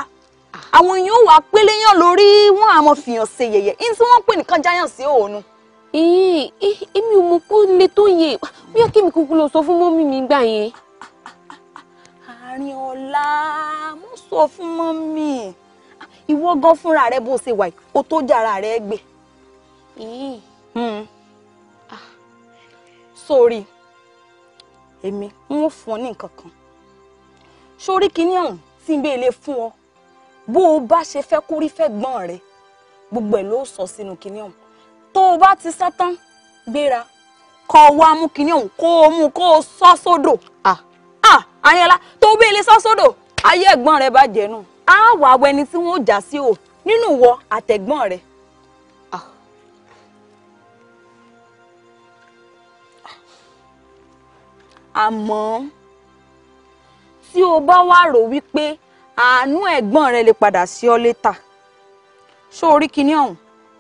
S1: àwọn èèyàn wà pélé yàn lórí wọn àmọ́ fìyàn ṣe yẹ̀yẹ́ ní tí wọ́n pè nìkan jáyàn sí òònu. èmi ò mọ̀ pé ó le tó yẹ bóyá kí mi kúkú lọ sọ fún mọ́mí mi gbà yẹn. àárín ọ̀la mo sọ fún mọ́mí ìwọ gan fúnra rẹ bó ṣe wà yìí o tó jára rẹ gbé. Hmm. Ah. sórí èmi ń fún ọ ní nǹkan kan sórí kinní ọ̀hún tí ń bẹ́ẹ̀ lè fún ọ bó o bá ṣe fẹ́ kórí fẹ́ gbọ́n rẹ gbogbo ẹ̀ ló sọ sínú kinní ọ̀hún tó o bá ti sá tán gbéra kọ́ wá mú kinní ọ̀hún kó o mú kó o sọ sódò àyànlá tó o bí ilé sọ sódò ayé ẹ̀gbọ́n rẹ bàjẹ́ nù á wà wọ ẹni tí wọ́n jà sí o nínú wọ àtẹ̀gbọ́n rẹ. àmọ́ tí o bá wá rò wípé àánú ẹ̀gbọ́n rẹ lè padà sí ọ létà ṣó orí kinní ọ̀hún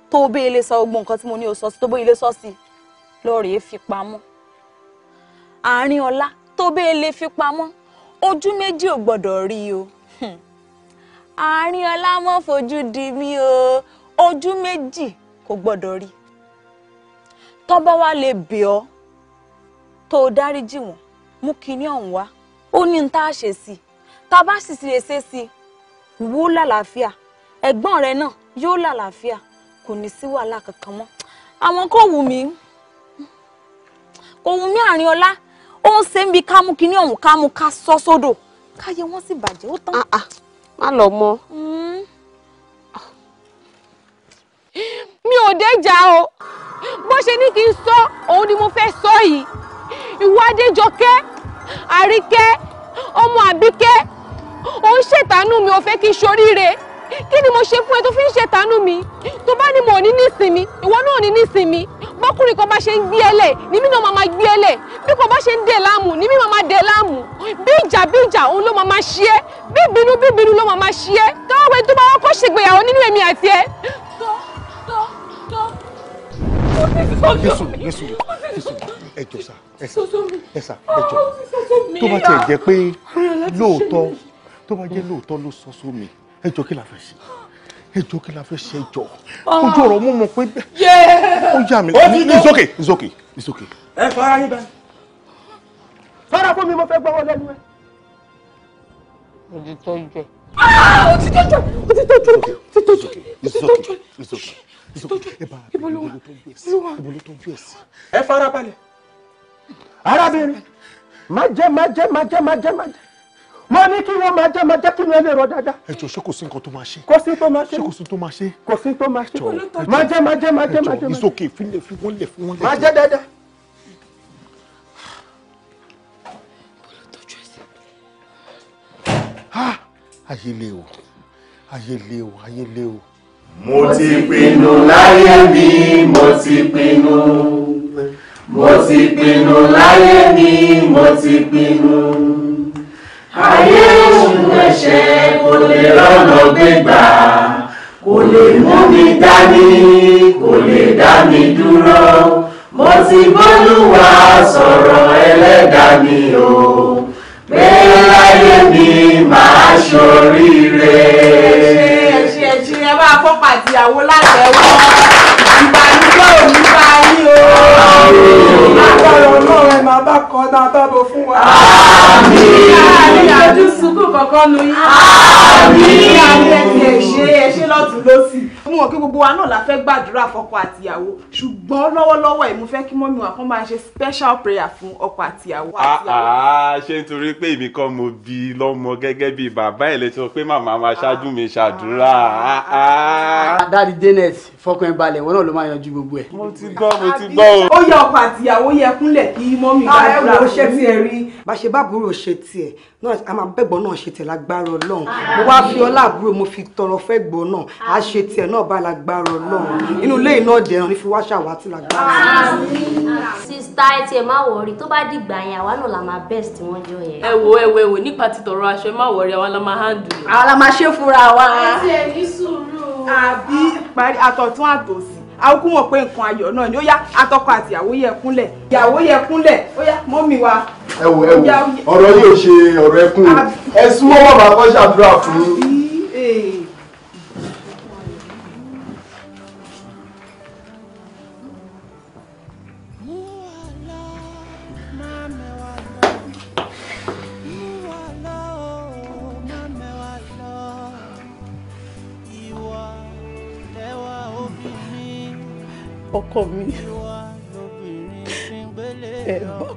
S1: tó o bẹ́ẹ̀ lè sọ gbogbo nǹkan tí mo ní o sọ sí tó bẹ́ẹ̀ lè sọ sí lọ́ọ̀rẹ́ fi pamọ́ àárín ọlá tó bẹ́ẹ̀ lè fi pamọ́ ojú méjì ò gbọ́dọ̀ rí o hmm. àárín ọlá mọ́ fojú di mí o ojú méjì kò gbọ́dọ̀ rí tọ́bọ́ wa lè bẹ̀ ọ́ tó o dáríjì wọ́n mú kinní ọ̀hún wá ó ní n tá a ṣe sí i tá a bá sì sì lè ṣe sí i wó lálàáfíà ẹ̀gbọ́n rẹ náà yóò lálàáfíà kò ní sí wàhálà kankan mọ́ àwọn kò wù mí kò wù mí àárín ọlá ó ń ṣe ń bi kámú kínní ọ̀hún kámú ká sọ sódò káyé wọ́n sì bàjẹ́ ó tán. Ah, ah.
S3: má lọ mọ. Hmm.
S1: mi ò déjà o bó ṣe ní kí n sọ òun ni mo fẹ́ sọ yìí ìwádìí jọkẹ́ àríkẹ́ ọmọ àbíkẹ́ ò ń ṣètànú mi ò fẹ́ kí n ṣoríire kí ni mo ṣe fún ẹ tó fi ń ṣètànú mi tó bá ní mo ò ní nísinmi ìwọ náà ò ní nísinmi bọ́kùnrin kan bá ṣe ń gbé ẹlẹ̀ ní mí náà máa máa gbé ẹlẹ̀ bí kan bá ṣe ń dè láàmú ní mí máa máa dè láàmú bí ìjà bí ìjà òun ló máa máa ṣí ẹ bí ìbínú bí ìbínú ló máa máa ṣí ẹ káwé tó bá wọ́pọ̀ ṣègbéyàwó nínú èmi àti ẹ.
S3: tó tó tó.
S4: nísùn nísùn nísùn ẹjọ sá ẹsà ẹsà ẹjọ tó bá tiẹ̀ jẹ́ pé lóòótọ́ tó bá jẹ́ lóòótọ́ ló sọ sómi ẹ jọ kí la fẹ́ ṣe ẹ jọ kí la fẹ́ ṣe ẹ jọ ah. ojú ọ̀rọ̀ mú mọ pé ó yà mí it's okay it's okay it's okay. ẹ fara yín báyìí
S1: fara fún mi mo fẹ́ gbọ́wọ́ lẹ́nu ẹ. mo ti tọ́jú ẹ. ó ti tọ́jú ẹ ó ti tọ́jú ẹ ó ti tọ́jú ẹ ó ti tọ́jú
S2: ẹ fara balẹ̀ arábìnrin má jẹ́ má jẹ́ má jẹ́ má jẹ́ má jẹ́ mo ní kí wọ́n máa jẹ́ máa jẹ́ kí ni ẹ lè rọ dáadáa. ẹ jọ ṣé kò sí nǹkan tó máa ṣe. kò sí tó máa ṣe. ṣé kò sí tó máa ṣe. kò sí tó máa ṣe. máa jẹ́ máa jẹ́ máa jẹ́ máa jẹ́. it's okay fílẹ̀ fún wọn lẹ̀ fún wọn lẹ̀. máa jẹ́ dáadáa.
S4: ayé le o ayé le o ayé le o. mo ti pinnu láyé mi mo ti pinnu
S2: mo ti pinnu láyé mi mo ti pinnu ayé òun ẹ̀ṣẹ̀ kò lè rọ́nà gbégbà kò lè mú mi dání kò lè dá mi dúró mo ti bọ́lúwa sọ̀rọ̀ ẹlẹ́dàá mi o pé láyé mi máa ṣoríire. ṣe ṣe ṣe ẹ bá fọ́pàdé àwo láti ẹ̀wọ̀n ìgbà ní bá yín o.
S1: Agbára ọlọ́run ẹ̀ máa bá kan náà bábo fún wa. Àmín. Àyájú sunkún kankan nu yín. Àmín. Ní àyẹ̀tì ẹ̀ṣẹ́ ẹ̀ṣẹ́ lọ́tún lọ́sì mo mọ̀ pé gbogbo wa náà la fẹ́ gbàdúrà fọkọ àtìyàwó ṣùgbọ́n lọ́wọ́lọ́wọ́ ẹ̀ mo fẹ́ kí mọ́mí wa kàn máa ṣe special prayer fún ọkọ
S2: àtìyàwó. Ah, ah, ṣé nítorí pé èmi kan mo bí lọ́mọ gẹ́gẹ́ bí bàbá ẹ̀ lẹ́tọ́ pé màmá máa ṣáájú mi ṣàdúrà. dáàdi ah, denet fọkàn ẹ balẹ̀ wọn náà ló máa yanjú gbogbo ẹ̀. mo ti gbọ́ mo ti gbọ́ o. ó yẹ ọkọ àtìyàwó yẹ kúnlẹ̀ kí mọ́mí
S1: gbàdúrà náà a máa bẹ́gbọ́n náà ṣe tẹ̀ lágbára ọlọ́run mo wá fi ọlá àbúrò mo fi tọrọ fẹ́ gbọ́ náà a ṣe tiẹ̀ náà bá lágbára ọlọ́run inú ilé iná dẹ̀ràn ní fi wá ṣàwátì lágbára ọlọ́run. sista ẹ tiẹ̀ má wọrí tó bá dìgbà yẹn àwa náà la máa best wọn jọ yẹn. ẹ wo ẹ wo ẹ wo nípa títọrọ aṣọ ẹ má wọrí àwa la máa handle. àwa la máa ṣe fúnra wa. ẹ tiẹ̀ ní sùúrù. àbí parí àtọ̀tún àtòsí a kú mọ̀ pé nǹkan ayọ̀ náà ni ó yá atọ́kọ àtìyàwó yẹ kúnlẹ̀ ìyàwó yẹ kúnlẹ̀ ó yá mọ́mì wa
S2: ẹ wò ọ̀rọ̀ yìí ṣe ọ̀rọ̀ ẹkún o ẹ bàbá kan ṣàdúrà fún yín.
S1: Eh. ọkọ mi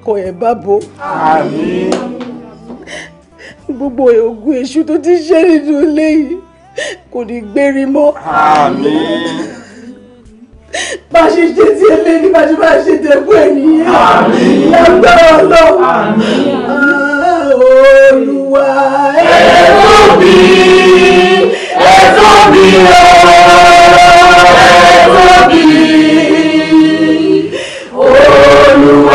S1: ọkọ ẹ̀ bábo. àmín. gbogbo oògùn èṣù tó ti ṣe nínú ilé yìí kò ní gbérí mọ́. àmín.
S2: bá a ṣe ṣe ti ẹ ní bá a ṣe bá a ṣe tẹ̀kú ẹ̀ nìyẹn. àmín. lágbára ọlọ́run. àmín. olúwa ẹ̀rọ mi ẹ̀rọ mi ẹ̀rọ mi olúwa.